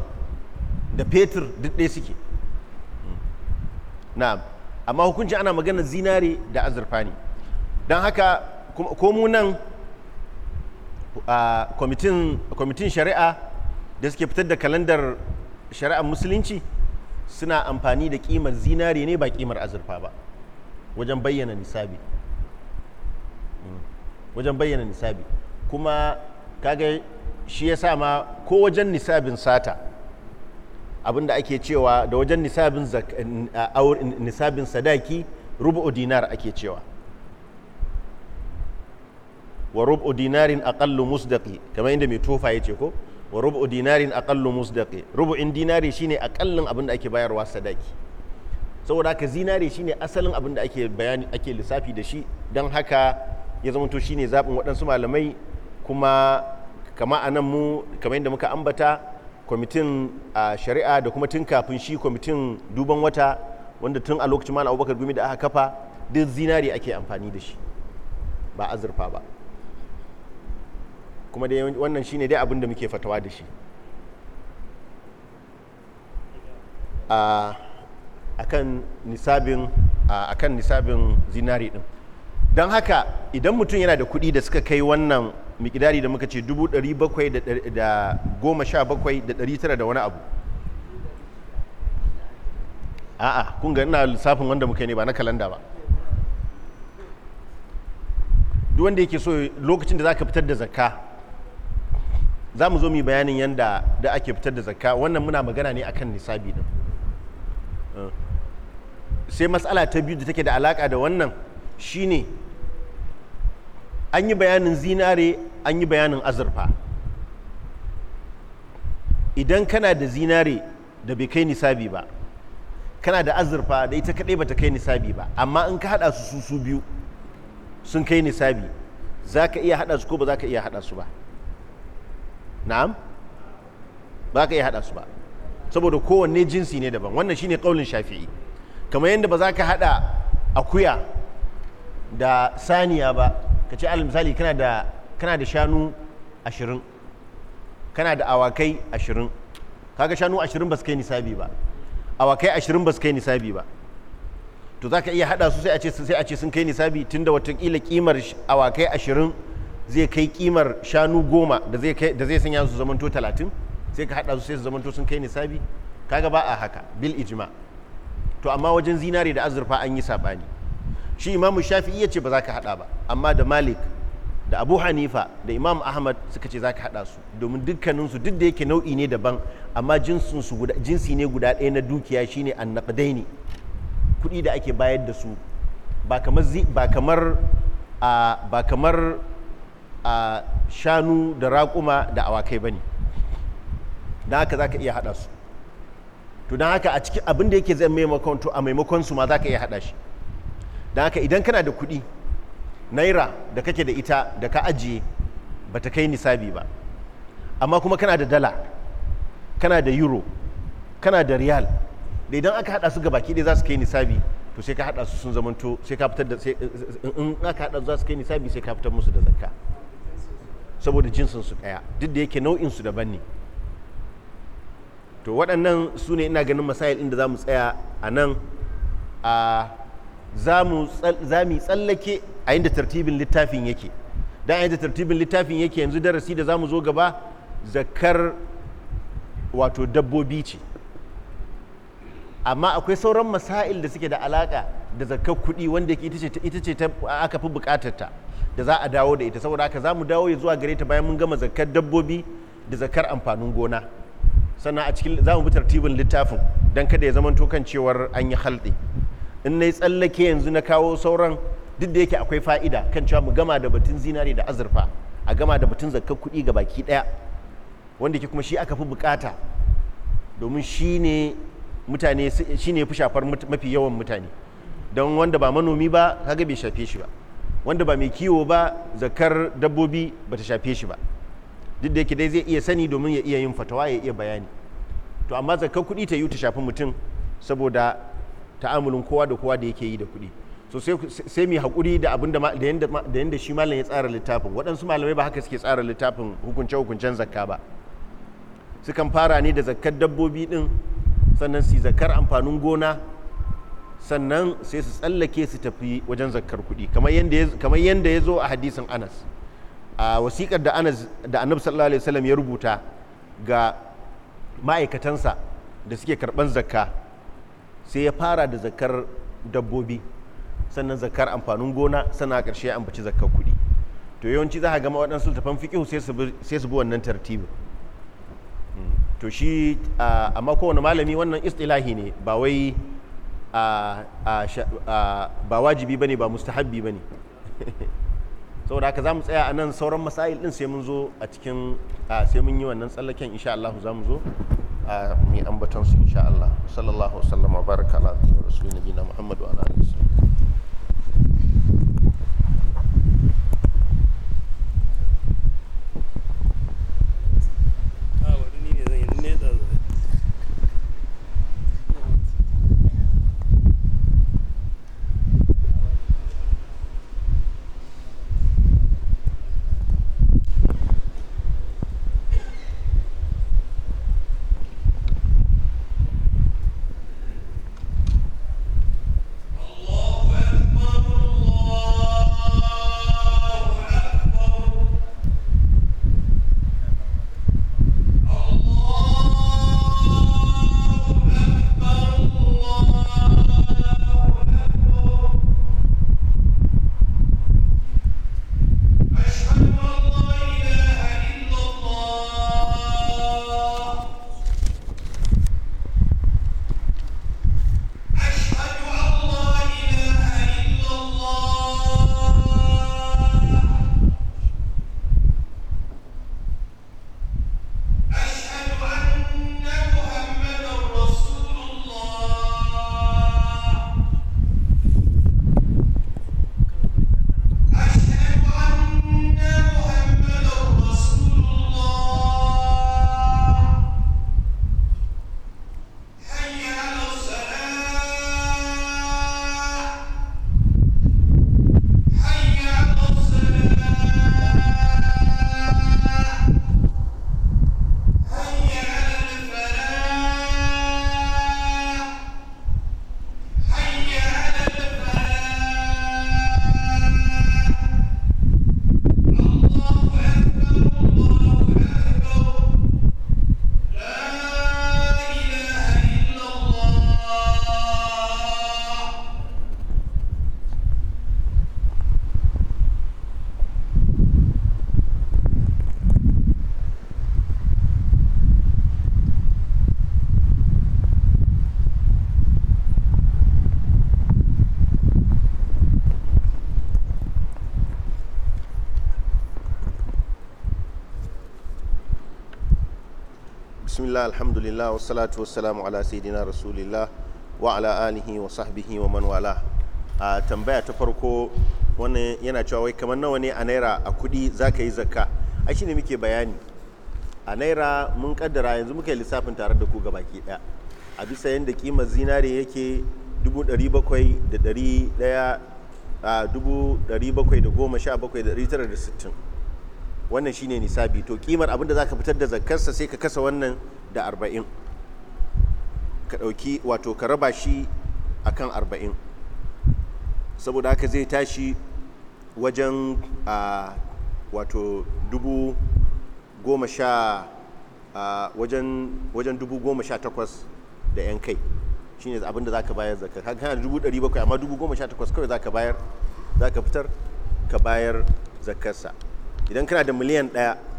da petir duk ɗaya suke na amma hukunci ana magana zinare da azurfani ne don haka ko mu nan kwamitin shari'a da suke fitar da kalandar shari'ar musulunci suna amfani da kimar zinari ne ba kimar azurfa ba wajen bayyana nisabi mm. wajen bayyana nisabi kuma kaga shi ya sa ma ko wajen nisabin sata abinda ake cewa da wajen nisabin, nisabin sadaki rubu dinar ake cewa wa rubu dinarin aqallu musdaqi kamar inda mai tofa ya ce ko wa rubu dinarin aqallu musdaqi rubu'in dinari shine akallin abin da ake bayarwa sadaki saboda haka zinari shine asalin abin da ake bayani ake lissafi da shi don haka ya to shine zaɓin waɗansu malamai kuma kama a nan mu kamar yadda muka ambata kwamitin a shari'a da kuma tun kafin shi kwamitin duban wata wanda tun a lokacin malam abubakar gumi da aka kafa duk zinari ake amfani da shi ba azurfa ba kuma dai wannan shine dai abin da muke fatawa da shi a kan nisabin zinari din don haka idan mutum yana da kuɗi da suka kai wannan mikidari da muka ce 717,900 da wani abu a'a kun ga ina lissafin wanda muka ne ba na kalanda ba duk wanda yake so lokacin da za ka fitar da zakka za mu zo mu yi bayanin yadda da ake fitar da zakka wannan muna magana ne akan nisabi din eh, sai matsala ta biyu da take da alaka da wannan shine an yi bayanin zinare an yi bayanin azurfa idan kana da zinare da bai kai nisabi ba kana da azurfa da ita kadai ta kai nisabi ba amma in ka haɗa su su biyu sun kai nisabi za ka iya hada su ko ba za ka iya hada su ba na'am ba ka iya hada su ba saboda kowanne jinsi ne daban wannan shine kaulin shafi'i kamar yadda ba za ka hada akuya da saniya ba ka ce alal misali kana da kana da shanu ashirin kana da awakai ashirin kaga shanu ashirin ba su kai nisabi ba awakai ashirin ba su kai nisabi ba to za ka iya hada su sai a ce sun kai nisabi tunda watakila kimar awakai ashirin zai kai kimar shanu goma da zai sanya su zamanto talatin sai ka haɗa su sai su zamanto sun kai nisabi kaga ba a haka bil ijma to amma wajen zinare da azurfa an yi saɓani shi imamu shafi iya ce ba za ka haɗa ba amma da malik da abu hanifa da imam ahmad suka ce za ka haɗa su domin dukkaninsu duk da yake nau'i ne daban amma jinsi ne guda ɗaya na dukiya shine annaqdaini kuɗi da ake bayar da su ba ba kamar a shanu da raƙuma da awakai ba ne don haka za ka iya haɗa su to don haka a cikin abin da yake zai maimakon to a maimakon su ma za ka iya haɗa shi don haka idan kana da kuɗi naira da kake da ita da ka ajiye ba ta kai nisabi ba amma kuma kana da dala kana da euro kana da riyal da idan aka haɗa su ga baki ɗaya za su kai nisabi to sai ka haɗa su sun zamanto sai ka fitar da in aka haɗa za su kai nisabi sai ka fitar musu da zakka saboda jinsin su daya duk da yake nau'in su daban ne to waɗannan su ne ina ganin masayil inda za mu tsaya a nan a za mu tsallake a yinda tartibin littafin yake don a yadda tartibin littafin yake yanzu darasi da za mu zo gaba zakar wato dabbobi ce amma akwai sauran masail da suke da alaka da zakar kuɗi wanda ita ce ta aka fi buƙatarta da za a dawo da ita saboda haka za mu dawo ya zuwa gare ta bayan mun gama zakar dabbobi da zakar amfanin gona sannan a cikin za mu bi tartibin littafin don kada ya zamanto kan cewar an yi halɗe in na yi tsallake yanzu na kawo sauran duk da yake akwai fa'ida kan cewa mu gama da batun zinari da azurfa a gama da batun zakar kuɗi ga baki ɗaya wanda ke kuma shi aka fi bukata domin shi ne mutane shi ne fi shafar mafi yawan mutane don wanda ba manomi ba kaga bai shafe shi ba wanda ba mai kiwo ba zakar dabbobi ba ta shafe shi ba duk da yake dai zai iya sani domin ya iya yin fatawa ya iya bayani to amma zakar kuɗi ta yi ta shafi mutum saboda ta'amulin kowa da kowa da yake yi da kuɗi so sai mai haƙuri da abin da yadda shi malam ya tsara littafin waɗansu malamai ba haka suke tsara littafin hukunce hukuncen zakka ba sukan fara ne da zakar dabbobi ɗin sannan su zakar amfanin gona sannan sai su tsallake su tafi wajen zakkar kuɗi kamar yadda ya zo a hadisin anas a wasiƙar da anas da annabi sallallahu alaihi wasallam ya rubuta ga ma'aikatansa da suke karɓan zakka sai ya fara da zakkar dabbobi sannan zakkar amfanin gona sannan a ƙarshe ya ambaci zakkar kuɗi to yawanci za a gama waɗansu tafan fiƙihu sai su bi wannan tartibin hmm. to shi amma kowane malami wannan istilahi ne ba wai ba wajibi bane ba mustahabbi bane saboda haka za mu tsaya a nan sauran masail din sai mun zo a cikin sai mun yi wannan tsallaken insha Allah za mu zo a mai ambaton su insha Allah sallallahu alaihi wa sallam wa baraka ala nabiyina Muhammad Muhammadu ala alihi bismillah alhamdulillah wassalatu wassalamu ala sayyidina rasulillah wa ala alihi wa sahbihi wa man wala a tambaya ta farko wani yana cewa wai kamar nawa ne a naira a kudi zaka yi zakka ai shine muke bayani a naira mun kaddara yanzu muka yi lissafin tare da ku ga baki daya a bisa yadda kimar zinare yake 717,960 wannan shine nisabi to kimar abinda zaka fitar da zakkarsa sai ka kasa wannan da arba'in ka ɗauki wato ka raba shi a kan arba'in saboda haka zai tashi wajen a wato dubu goma sha a wajen dubu goma sha takwas da 'yan kai shine abin da ka bayar zaka haka yana dubu ɗari bakwai amma dubu goma sha takwas kawai za ka bayar za ka fitar ka bayar zakarsa idan kana da miliyan ɗaya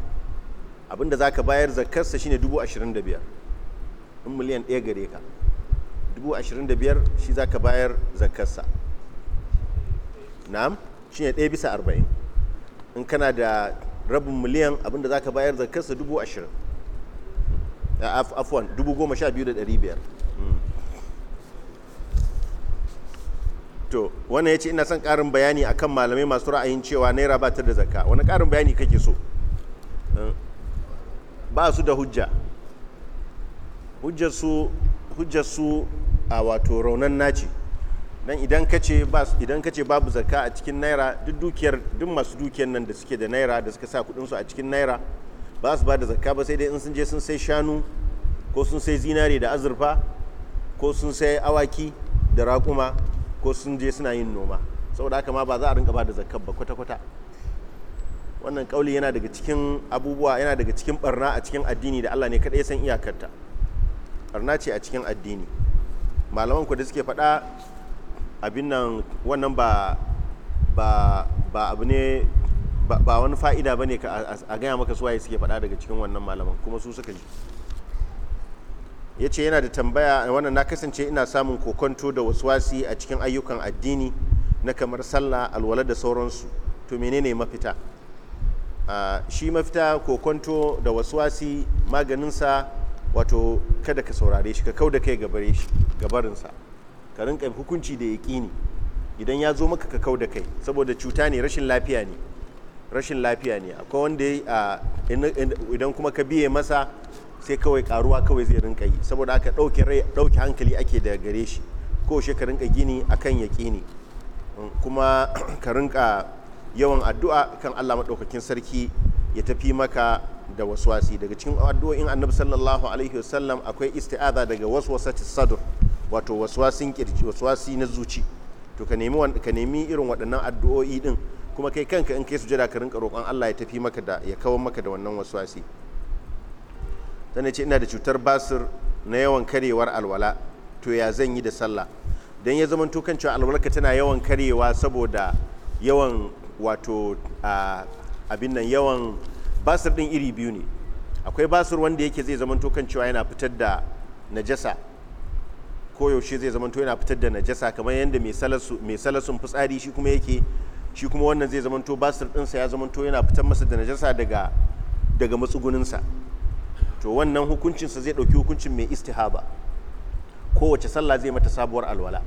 abinda za ka bayar zakarsa shine dubu ashirin da biyar in miliyan ɗaya gare ka dubu ashirin da biyar shi za ka bayar zakarsa na'am shine ɗaya bisa arba'in in kana da rabin miliyan abinda za ka bayar zakarsa dubu ashirin afuwan dubu goma sha biyu da ɗari biyar hmm. to wannan ya ce ina son ƙarin bayani akan malamai masu ra'ayin cewa naira ba ta da zakka wani ƙarin bayani kake so hmm. ba su da hujja hujjarsu a wato raunan naci don idan ka ce babu zakka a cikin naira duk dukiyar duk masu dukiyar nan da suke da naira da suka sa kudinsu a cikin naira ba su ba da zakka ba sai dai in sun je sun sai shanu ko sun sai zinare da azurfa ko sun sai awaki da raƙuma ko sun je suna yin noma saboda haka ma ba za a rinka ba da zakkar ba kwata-kwata wannan kauli yana daga cikin abubuwa yana daga cikin barna a cikin addini da Allah ne kada ya san iyakarta barna ce a cikin addini malaman ku da suke faɗa abin nan wannan ba ba ba abu ne ba wani fa'ida ba ne a gaya maka suwaye suke faɗa daga cikin wannan malaman kuma su suka ji ya ce yana da tambaya wannan na kasance ina samun kokonto da waswasi a cikin ayyukan addini na kamar sallah alwala da sauransu to menene mafita shi mafita ko kwanto da waswasi maganinsa wato kada ka saurare shi ka kau da kai gabarinsa ka rinka hukunci da yaƙini idan ya zo maka ka kau da kai saboda cuta ne rashin lafiya ne rashin lafiya ne akwai wanda idan kuma ka biye masa sai kawai karuwa kawai zai rinka yi saboda aka ɗauke ɗauke hankali ake da gare shi ko shi ka rinka gini akan yaƙini kuma ka rinka yawan addu'a kan Allah maɗaukakin sarki ya tafi maka da waswasi daga cikin addu'o'in annabi sallallahu alaihi wasallam akwai isti'aza daga waswasati sadr wato waswasin kirji waswasi na zuci to ka nemi ka nemi irin waɗannan addu'o'i din kuma kai kanka in kai sujada ka rinka roƙon Allah ya tafi maka da ya kawo maka da wannan waswasi sannan ce ina da cutar basir na yawan karewar alwala to ya zan yi da sallah dan ya zama to kan cewa alwalarka tana yawan karewa saboda yawan wato abin nan yawan basir ɗin iri biyu ne akwai basir wanda yake zai zamanto kan cewa yana fitar da najasa yaushe zai zamanto yana fitar da najasa kamar yadda mai salasun fitsari shi kuma yake shi kuma wannan zai zamanto basir ɗinsa ya zamanto yana fitar masa da najasa daga daga matsuguninsa to wannan hukuncinsa zai ɗauki hukuncin mai istihaba kowace sallah zai mata sabuwar alwala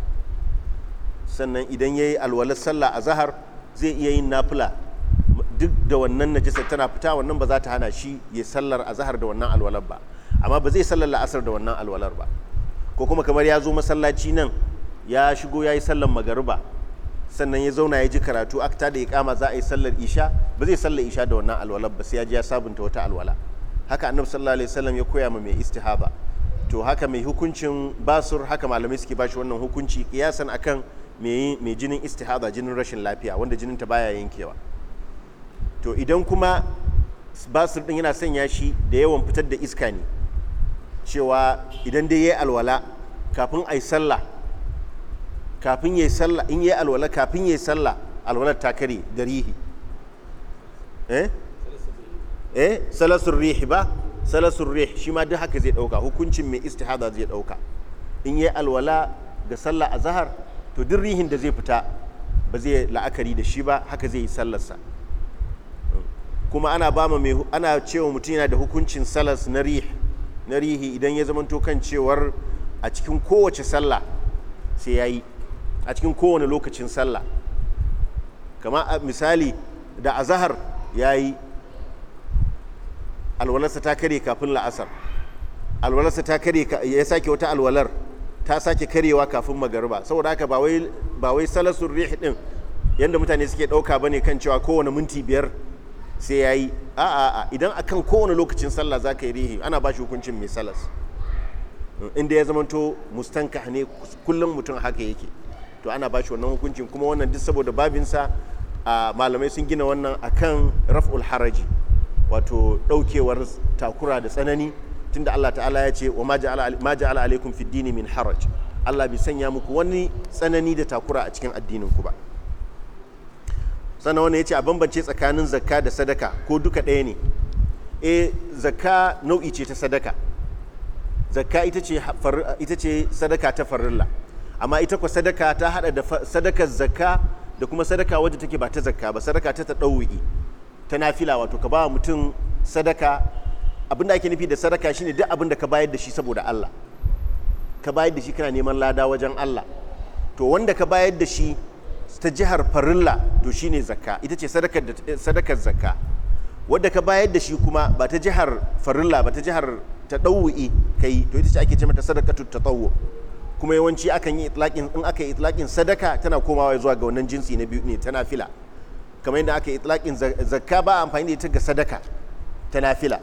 sannan idan ya yi alwalar sallah a zahar zai iya yin nafila duk da wannan najisar tana fita wannan ba za ta hana shi ya sallar zahar da wannan alwalar ba amma ba zai sallar la'asar da wannan alwalar ba ko kuma kamar ya zo masallaci nan ya shigo ya yi sallar magariba sannan ya zauna ya ji karatu akta da ya kama za a yi sallar isha ba zai sallar isha da wannan alwalar ba sai ya ji ya sabunta wata alwala haka annabi sallallahu alaihi wasallam ya koya ma mai istihaba to haka mai hukuncin basur haka malamai suke bashi wannan hukunci kiyasan akan mai jinin istihada jinin rashin lafiya wanda jinin ta baya yankewa to idan kuma basir din yana sanya shi da yawan fitar da iska ne cewa idan dai ya yi alwala kafin ai sallah kafin yi sallah in ya yi alwala kafin yi sallah alwalar ta kare da rihi eh eh salasur rihi ba salasur rihi shi ma duk haka zai dauka hukuncin mai istihada zai dauka in ya yi alwala ga sallah azhar to duk rihin da zai fita ba zai la'akari da shi ba haka zai yi sallarsa kuma ana ba mai ana cewa mutum yana da hukuncin salas na rihi na rihi idan ya to kan cewar a cikin kowace sallah sai ya yi a cikin kowane lokacin sallah kama misali da azahar ya yi alwalarsa ta kare kafin la'asar alwalarsa ta kare ya sake wata alwalar ta sake karewa kafin magariba saboda haka ba wai salasun rih din yadda mutane suke dauka bane kan cewa kowane minti biyar sai yayi a a a idan akan kowane lokacin sallah za ka yi rihi ana ba shi hukuncin mai salas inda ya zamanto mustanka ne kullum mutum haka yake to ana ba shi wannan hukuncin kuma wannan duk saboda babinsa malamai sun gina wannan akan raf'ul haraji wato ɗaukewar takura da tsanani tunda Allah ta'ala ya ce wa ma ja'ala alaikum fiddini dini min haraj Allah bai sanya muku wani tsanani da takura a cikin addinin ku ba sannan ya ce a bambance tsakanin zakka da sadaka ko duka ɗaya ne e zakka nau'i ce ta sadaka zakka ita ce sadaka ta farilla amma ita kwa sadaka ta hada da sadakar zakka da kuma sadaka wadda take ba ta zakka ba sadaka ta ta ta nafila wato ka ba mutum sadaka abin da ake nufi da sadaka shine duk abin da ka bayar da shi saboda Allah ka bayar da shi kana neman lada wajen Allah to wanda ka bayar da shi ta jihar farilla to shine zakka ita ce sadakar zakka wadda ka bayar da shi kuma ba ta jihar farilla ba ta jihar tadawu'i kai to ita ce ake ce mata sadakatu tatawwu kuma yawanci akan yi itlaqin in aka yi itlaqin sadaka tana komawa zuwa ga wannan jinsi na biyu ne tana fila kamar yadda aka yi itlaqin zakka ba amfani da ita ga sadaka tana fila.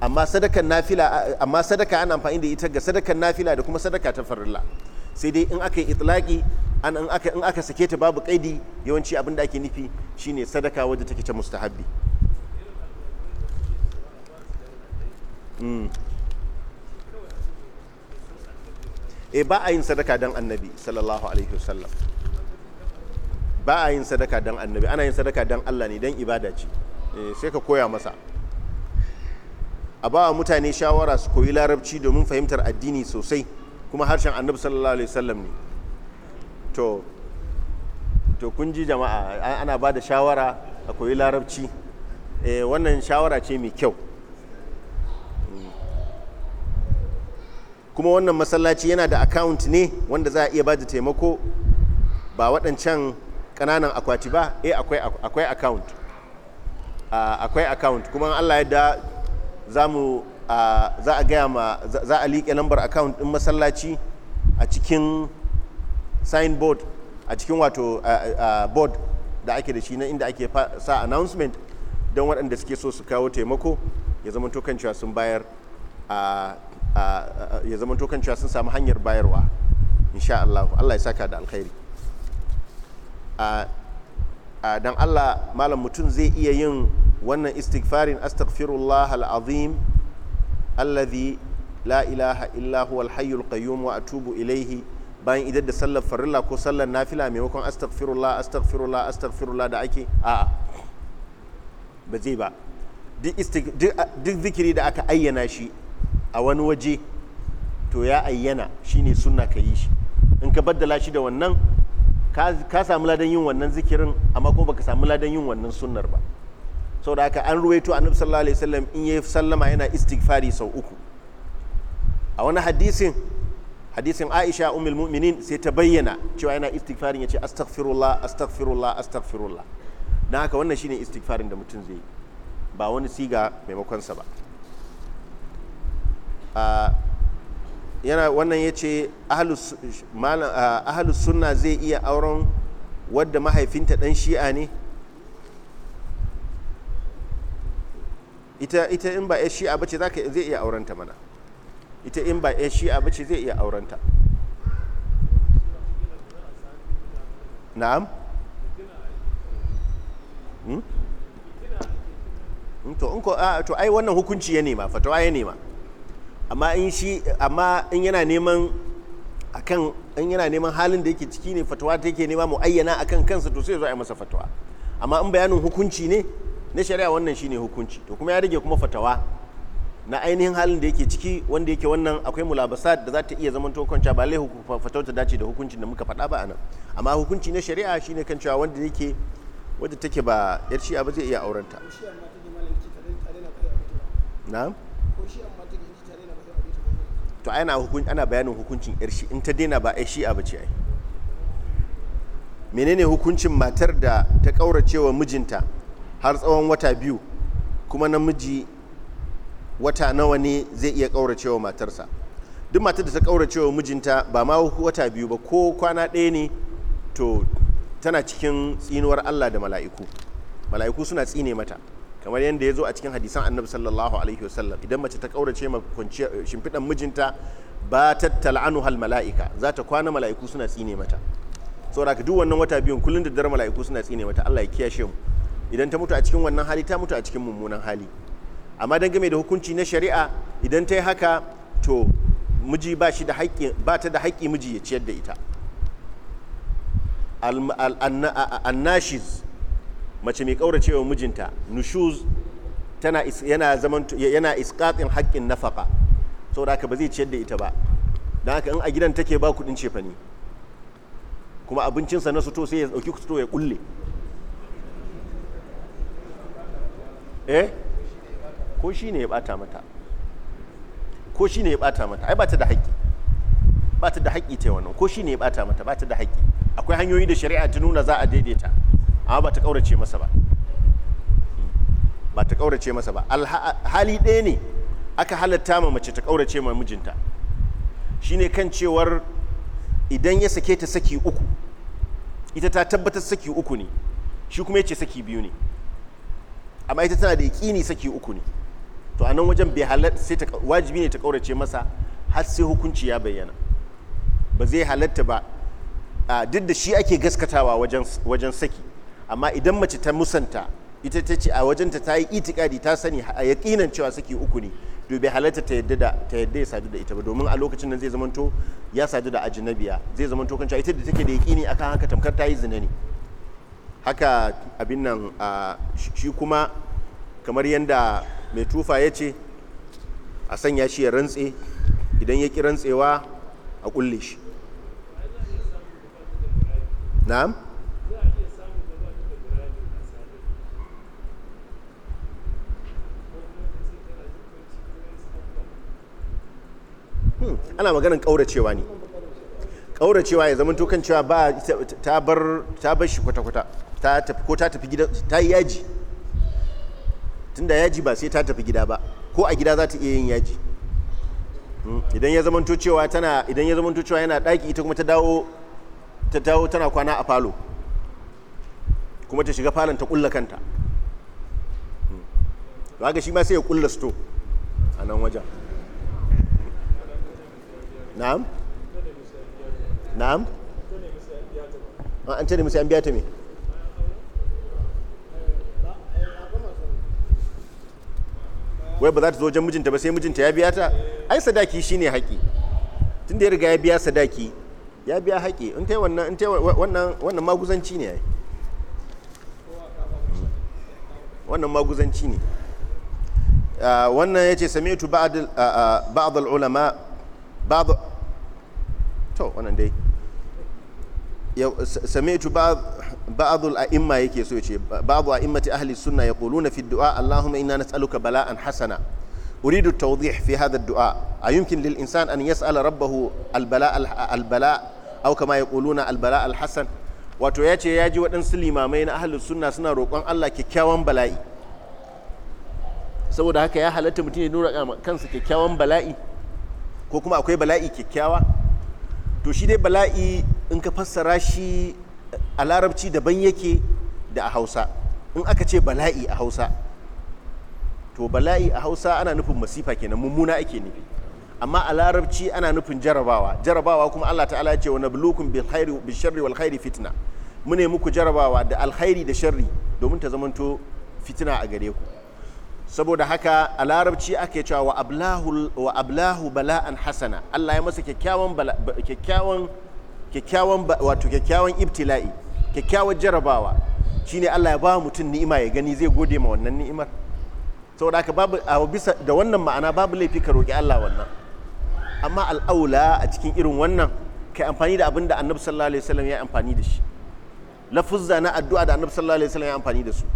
amma sadakan nafila amma sadaka ana amfani da ita ga sadakan nafila da kuma sadaka ta farilla sai dai in aka yi itlaki an in aka in aka sake ta babu kaidi yawanci abin da ake nufi shine sadaka wadda take ta mustahabbi e ba a yin sadaka dan annabi sallallahu alaihi wasallam ba a yin sadaka dan annabi ana yin sadaka dan Allah ne dan ibada ce eh, sai ka koya masa a ba wa mutane shawara su koyi larabci domin fahimtar addini sosai kuma harshen annabi sallallahu alaihi wasallam ne to to kun ji jama'a ana ba da shawara a koyi larabci e, wannan shawara ce mai kyau kuma wannan masallaci yana da account ne wanda za a iya ba da taimako ba waɗancan ƙananan akwati ba eh akwai account ah, akwai account kuma Allah ya da za a gaya ma za a liƙe lambar account ɗin masallaci a cikin signboard a cikin wato board da ake da shi na inda ake sa announcement don waɗanda suke so su kawo taimako ya zama tokan cewa sun bayar ya zama tokan cewa sun samu hanyar bayarwa insha Allah Allah ya saka da alkhairi dan Allah malam mutum zai iya yin wannan istighfarin astaghfirullah al'azim alladhi la ilaha illa huwa al tubu qayyum wa atubu ilayhi bayan idan da sallar farilla ko sallar nafila maimakon astaghfirullah astaghfirullah astaghfirullah da ake a'a ba zai ba duk zikiri da aka ayyana shi a wani waje to ya ayyana shine sunna ka yi shi in ka baddala shi da wannan ka samu ladan yin wannan zikirin amma kuma baka samu ladan yin wannan sunnar ba saboda haka an ruwaito annabi sallallahu alaihi wasallam in ya sallama yana istighfari sau uku a wani hadisin hadisin Aisha ummul mu'minin sai ta bayyana cewa yana istighfarin yace astaghfirullah astaghfirullah astaghfirullah dan haka wannan shine istighfarin da mutum zai yi ba wani siga maimakon sa ba ah, yana wannan ya ce ahalus sunna zai iya auren wadda mahaifinta dan shi'a ne ita ita in ba ya shi'a bace zai iya aurenta mana ita in ba ya shi'a bace zai iya aurenta na'am hmm? Hmm, to in ko to ai wannan hukunci ya nema fatawa ya nema amma in shi amma in yana neman akan in yana neman halin da yake ciki ne fatawa ta yake nema mu ayyana akan kansa to sai zo a yi masa fatawa amma in bayanin hukunci ne na shari'a wannan shine hukunci to kuma ya rage kuma fatawa na ainihin halin da yake ciki wanda yake wannan akwai mulabasat da za ta iya zaman tokonca ba lai fatawar ta dace da hukuncin da muka faɗa ba anan amma hukunci na shari'a shine kan cewa wanda yake wadda take ba yar shi'a ba zai iya aurenta na'am to ana ana bayanin hukuncin yar shi in ta daina ba ai a bace ai menene hukuncin matar da ta kauracewa mijinta har tsawon wata biyu kuma namiji wata nawa ne zai iya kauracewa matarsa duk matar da ta kauracewa mijinta ba ma wata biyu ba ko kwana ɗaya ne to tana cikin tsinuwar Allah da mala'iku mala'iku suna tsine mata kamar yadda ya zo a cikin hadisan annabi sallallahu alaihi wasallam idan mace ta kaurace ma shimfiɗan mijinta ba tal'anu hal mala'ika za ta kwana mala'iku suna tsine mata saboda ka duk wannan wata biyun kullum da dare mala'iku suna tsine mata Allah ya kiyashe mu idan ta mutu a cikin wannan hali ta mutu a cikin mummunan hali amma game da hukunci na shari'a idan ta yi haka to miji ba shi da haƙƙi ba ta da haƙƙi miji ya ciyar da ita annashiz mace mai kauracewa mijinta nushuz tana yana zaman yana na haƙƙin sau saboda haka ba zai ciyar da ita ba don haka in a gidan take ba kuɗin cefani kuma abincinsa na suto sai ya ɗauki suto ya kulle eh ko shi ne ya bata mata ko shi ne ya bata mata ai bata da haƙƙi bata da haƙƙi ta wannan ko shi ne ya bata mata bata da haƙƙi akwai hanyoyi da shari'a ta nuna za a daidaita amma ba ta kaurace masa ba ba ta kaurace masa ba hali ɗaya ne aka halatta ma mace ta kaurace ma mijinta shine kan cewar idan ya sake ta saki uku ita ta tabbatar saki uku ne shi kuma ya ce saki biyu ne amma ita tana da yaƙini saki uku ne to a nan wajen bai halatta sai ta wajibi ne ta kaurace masa har sai hukunci ya bayyana ba zai halatta ba duk da shi ake gaskatawa wajen saki amma idan mace ta musanta ita ta ce a wajenta ta yi itikadi ta sani a yakinan cewa suke uku ne to bai halatta ta yadda ta yadda ya sadu da ita ba domin a lokacin nan zai zamanto ya sadu da ajnabiya zai zamanto kan ita da take da yakini akan haka tamkar ta yi zina ne haka abin nan shi kuma kamar yadda mai tufa ya ce a sanya shi ya rantse idan ya ki rantsewa a kulle shi na'am Hmm. ana maganin ƙauracewa ne ƙauracewa ya zama kan cewa ba ta bar ta bar shi kwata-kwata ta tafi ko ta tafi gida ta yi yaji tunda yaji ba sai ta tafi gida ba ko a gida za ta iya yin yaji hmm. idan ya zamanto cewa tana idan ya zamanto cewa yana daki ita kuma ta dawo ta dawo tana kwana a falo kuma ta shiga falon ta kulla kanta hmm. to haka shi ma sai ya kulla sto a nan wajen na'am na'am ah, an ce da musu biya ta wai ba za ta zo wajen mijinta ba sai mijinta ya biya ta ai sadaki shine haƙi tun da ya riga ya biya sadaki ya biya haƙi in ta wannan in wannan wannan maguzanci ne ai wannan maguzanci ne ah, wannan ya ce ba'd ah, ba'd al-ulama to wannan dai سمعت بعض بعض الأئمة يكي سويتي بعض أئمة أهل السنة يقولون في الدعاء اللهم إنا نسألك بلاء حسنا أريد التوضيح في هذا الدعاء أيمكن للإنسان أن يسأل ربه البلاء البلاء أو كما يقولون البلاء الحسن wato ya ce ya ji waɗansu limamai na ahalus sunna suna roƙon Allah kyakkyawan bala'i saboda haka ya halatta mutum ya nura kansa kyakkyawan bala'i ko kuma akwai bala'i kyakkyawa to shi dai bala'i in ka fassara shi a larabci daban yake da a hausa in aka ce bala'i a hausa to bala'i a hausa ana nufin masifa kenan mummuna ake nufi amma a larabci ana nufin jarabawa jarabawa kuma allah ta'ala ce wani bulukun bin khairi fitina wal khairi fitna mu ne muku jarabawa da alkhairi da sharri domin ta zamanto fitina a gare ku saboda haka a larabci ake cewa wa ablahu wa ablahu bala'an hasana Allah ya masa kyakkyawan kyakkyawan kyakkyawan wato kyakkyawan ibtila'i kyakkyawan jarabawa shine Allah ya ba mutum ni'ima ya gani zai gode ma wannan ni'imar saboda haka babu bisa da wannan ma'ana babu laifi ka roki Allah wannan amma al'aula a cikin irin wannan kai amfani da abin da annabi sallallahu alaihi wasallam ya amfani da shi lafuzza na addu'a da annabi sallallahu alaihi wasallam ya amfani da su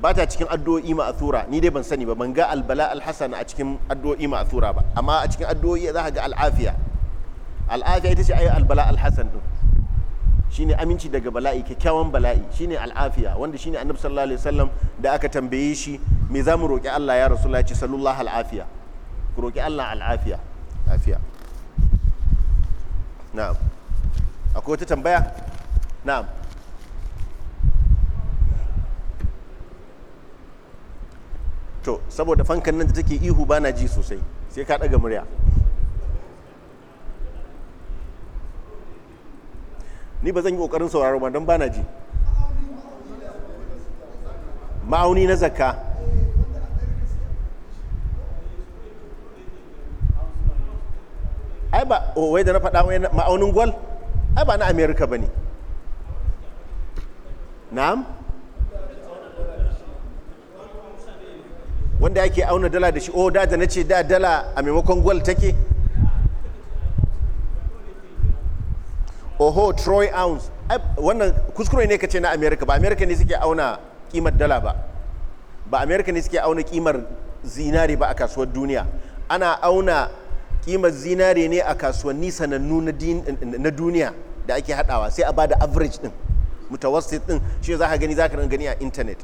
ba ta cikin addu'o'i ma'athura ni dai ban sani ba ban ga albala alhasan a cikin addu'o'i ma'athura ba amma a cikin addu'o'i za ka ga al'afiya al'afiya ita ce ayi albala alhasan din shine aminci daga bala'i kyakkyawan bala'i shine al'afiya wanda shine annabi sallallahu alaihi wasallam da aka tambaye shi me za mu roki Allah ya rasulullahi ce sallallahu al'afiya ku roki Allah al'afiya lafiya na'am akwai wata tambaya na'am to saboda fankan nan da take ihu ba na ji sosai sai ka ɗaga murya ni ba zan yi ƙoƙarin sauraro ba don ba na ji ma'auni na zakka ai ba oh, wai da na faɗa ma'aunin gwal ai ba na amerika ba ne na'am wanda ake auna dala da shi o oh, da da ce da dala a maimakon gwal take oho troy ounce wannan kuskure ne ka ce na america ba america ne suke auna kimar dala ba ba america ne suke auna kimar zinari ba a kasuwar duniya ana auna kimar zinari ne a kasuwanni sanannu na duniya da ake hadawa sai a bada average din mutawassit din shi za ka gani za ka gani a intanet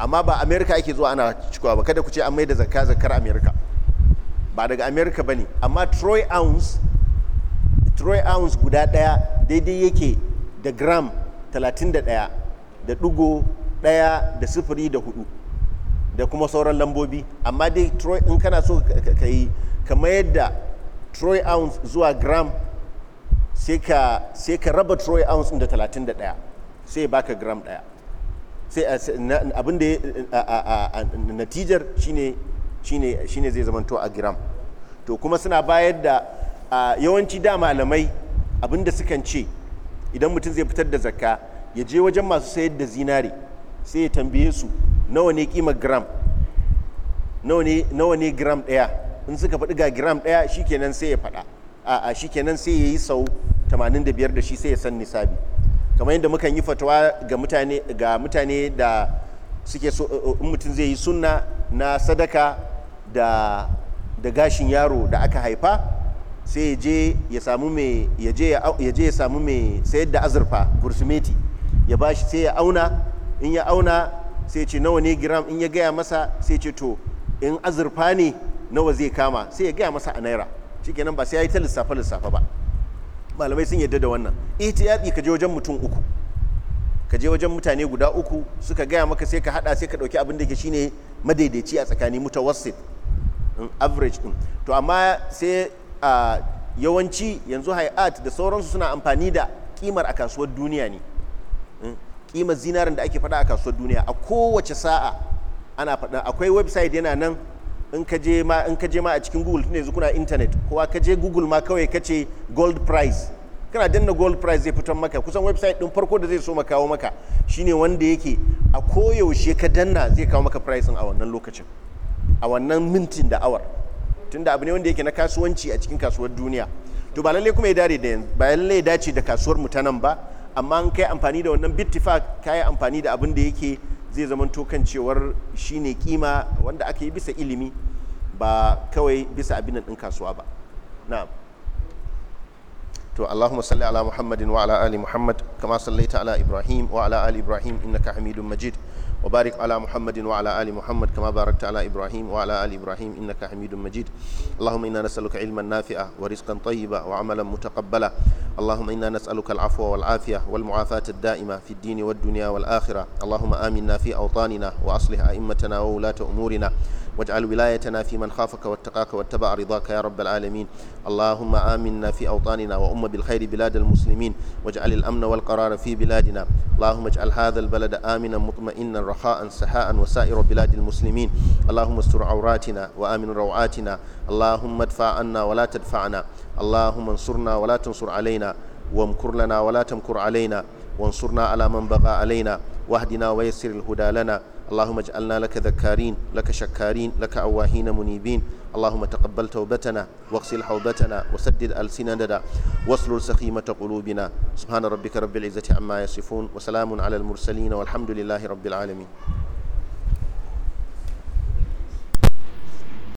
amma ba america ake zuwa ana cikowa ba kada ku ce an mai da zakka zakkar america ba daga america ba ne amma troy ounce troy ounce guda daya daidai yake da gram 31 da dugo ɗaya da sifiri da hudu da kuma sauran lambobi amma dai troy in kana so ka yi kamar yadda troy ounce zuwa gram sai ka raba troy ounce da 31 sai baka gram ɗaya sai abin da natijar shine ne zai zamanto a gram to kuma suna bayar da yawanci da malamai abin da sukan ce idan mutum zai fitar da zakka ya je wajen masu sayar da zinari sai ya tambaye su nawa ne kima gram nawa ne gram daya in suka faɗi ga gram daya shikenan sai ya faɗa a shikenan sai ya yi sau 85 da shi sai ya san nisabi kamar yadda mukan yi fatawa ga mutane ga mutane da suke so eh, eh, in mutum zai yi sunna na sadaka da da gashin yaro da aka haifa sai ya je ya samu mai ya je ya je ya samu mai sayar da azurfa kursimeti ya bashi sai ya auna in ya auna sai ce nawa ne gram in ya gaya masa sai ce to in azurfa ne nawa zai kama sai ya gaya masa a naira shikenan ba sai ya yi ta lissafa lissafa ba malamai sun yadda da wannan ihtiyati ka je wajen mutum uku ka je wajen mutane guda uku suka gaya maka sai ka hada sai ka dauki abin da ke shine madaidaici a tsakanin mutawassit mm, average din to amma sai yawanci yanzu hayat da sauransu suna amfani da kimar a kasuwar duniya ne kimar mm, zinarin da ake faɗa a kasuwar duniya a kowace sa'a ana fada akwai website yana nan in ka je ma a cikin google tun yanzu kuna internet kowa ka je google ma kawai ka ce gold price kana danna gold price zai fitan maka kusan website din farko da zai so ma kawo maka shine wanda yake a koyaushe ka danna zai kawo maka price a wannan lokacin a wannan mintin da awar tunda abu ne wanda yake na kasuwanci a cikin kasuwar duniya to ba lalle kuma ya dare da ba lalle ya dace da kasuwar mu ta nan ba amma an kai amfani da wannan bittifak kai amfani da abin da yake zai zamanto kan cewar shine kima wanda aka yi bisa ilimi ba kawai bisa abin din kasuwa ba na'am to allahumma salli ala muhammadin wa ala ali muhammad kama sallaita ala ibrahim wa ala ali ibrahim innaka hamidun majid وبارك على محمد وعلى آل محمد كما باركت على إبراهيم وعلى آل إبراهيم إنك حميد مجيد اللهم إنا نسألك علما نافعا ورزقا طيبا وعملا متقبلا اللهم إنا نسألك العفو والعافية والمعافاة الدائمة في الدين والدنيا والآخرة اللهم آمنا في أوطاننا وأصلح أئمتنا وولاة أمورنا واجعل ولايتنا في من خافك واتقاك واتبع رضاك يا رب العالمين اللهم آمنا في أوطاننا وأم بالخير بلاد المسلمين واجعل الأمن والقرار في بلادنا اللهم اجعل هذا البلد آمنا مطمئنا رخاء سحاء وسائر بلاد المسلمين اللهم استر عوراتنا وآمن روعاتنا اللهم ادفع عنا ولا تدفعنا اللهم انصرنا ولا تنصر علينا وامكر لنا ولا تمكر علينا وانصرنا على من بغى علينا واهدنا ويسر الهدى لنا اللهم اجعلنا لك ذكارين لك شكارين لك أواهين منيبين اللهم تقبل توبتنا واغسل حوبتنا وسدد ألسننا واسلل سخيمة قلوبنا سبحان ربك رب العزة عما يصفون وسلام على المرسلين والحمد لله رب العالمين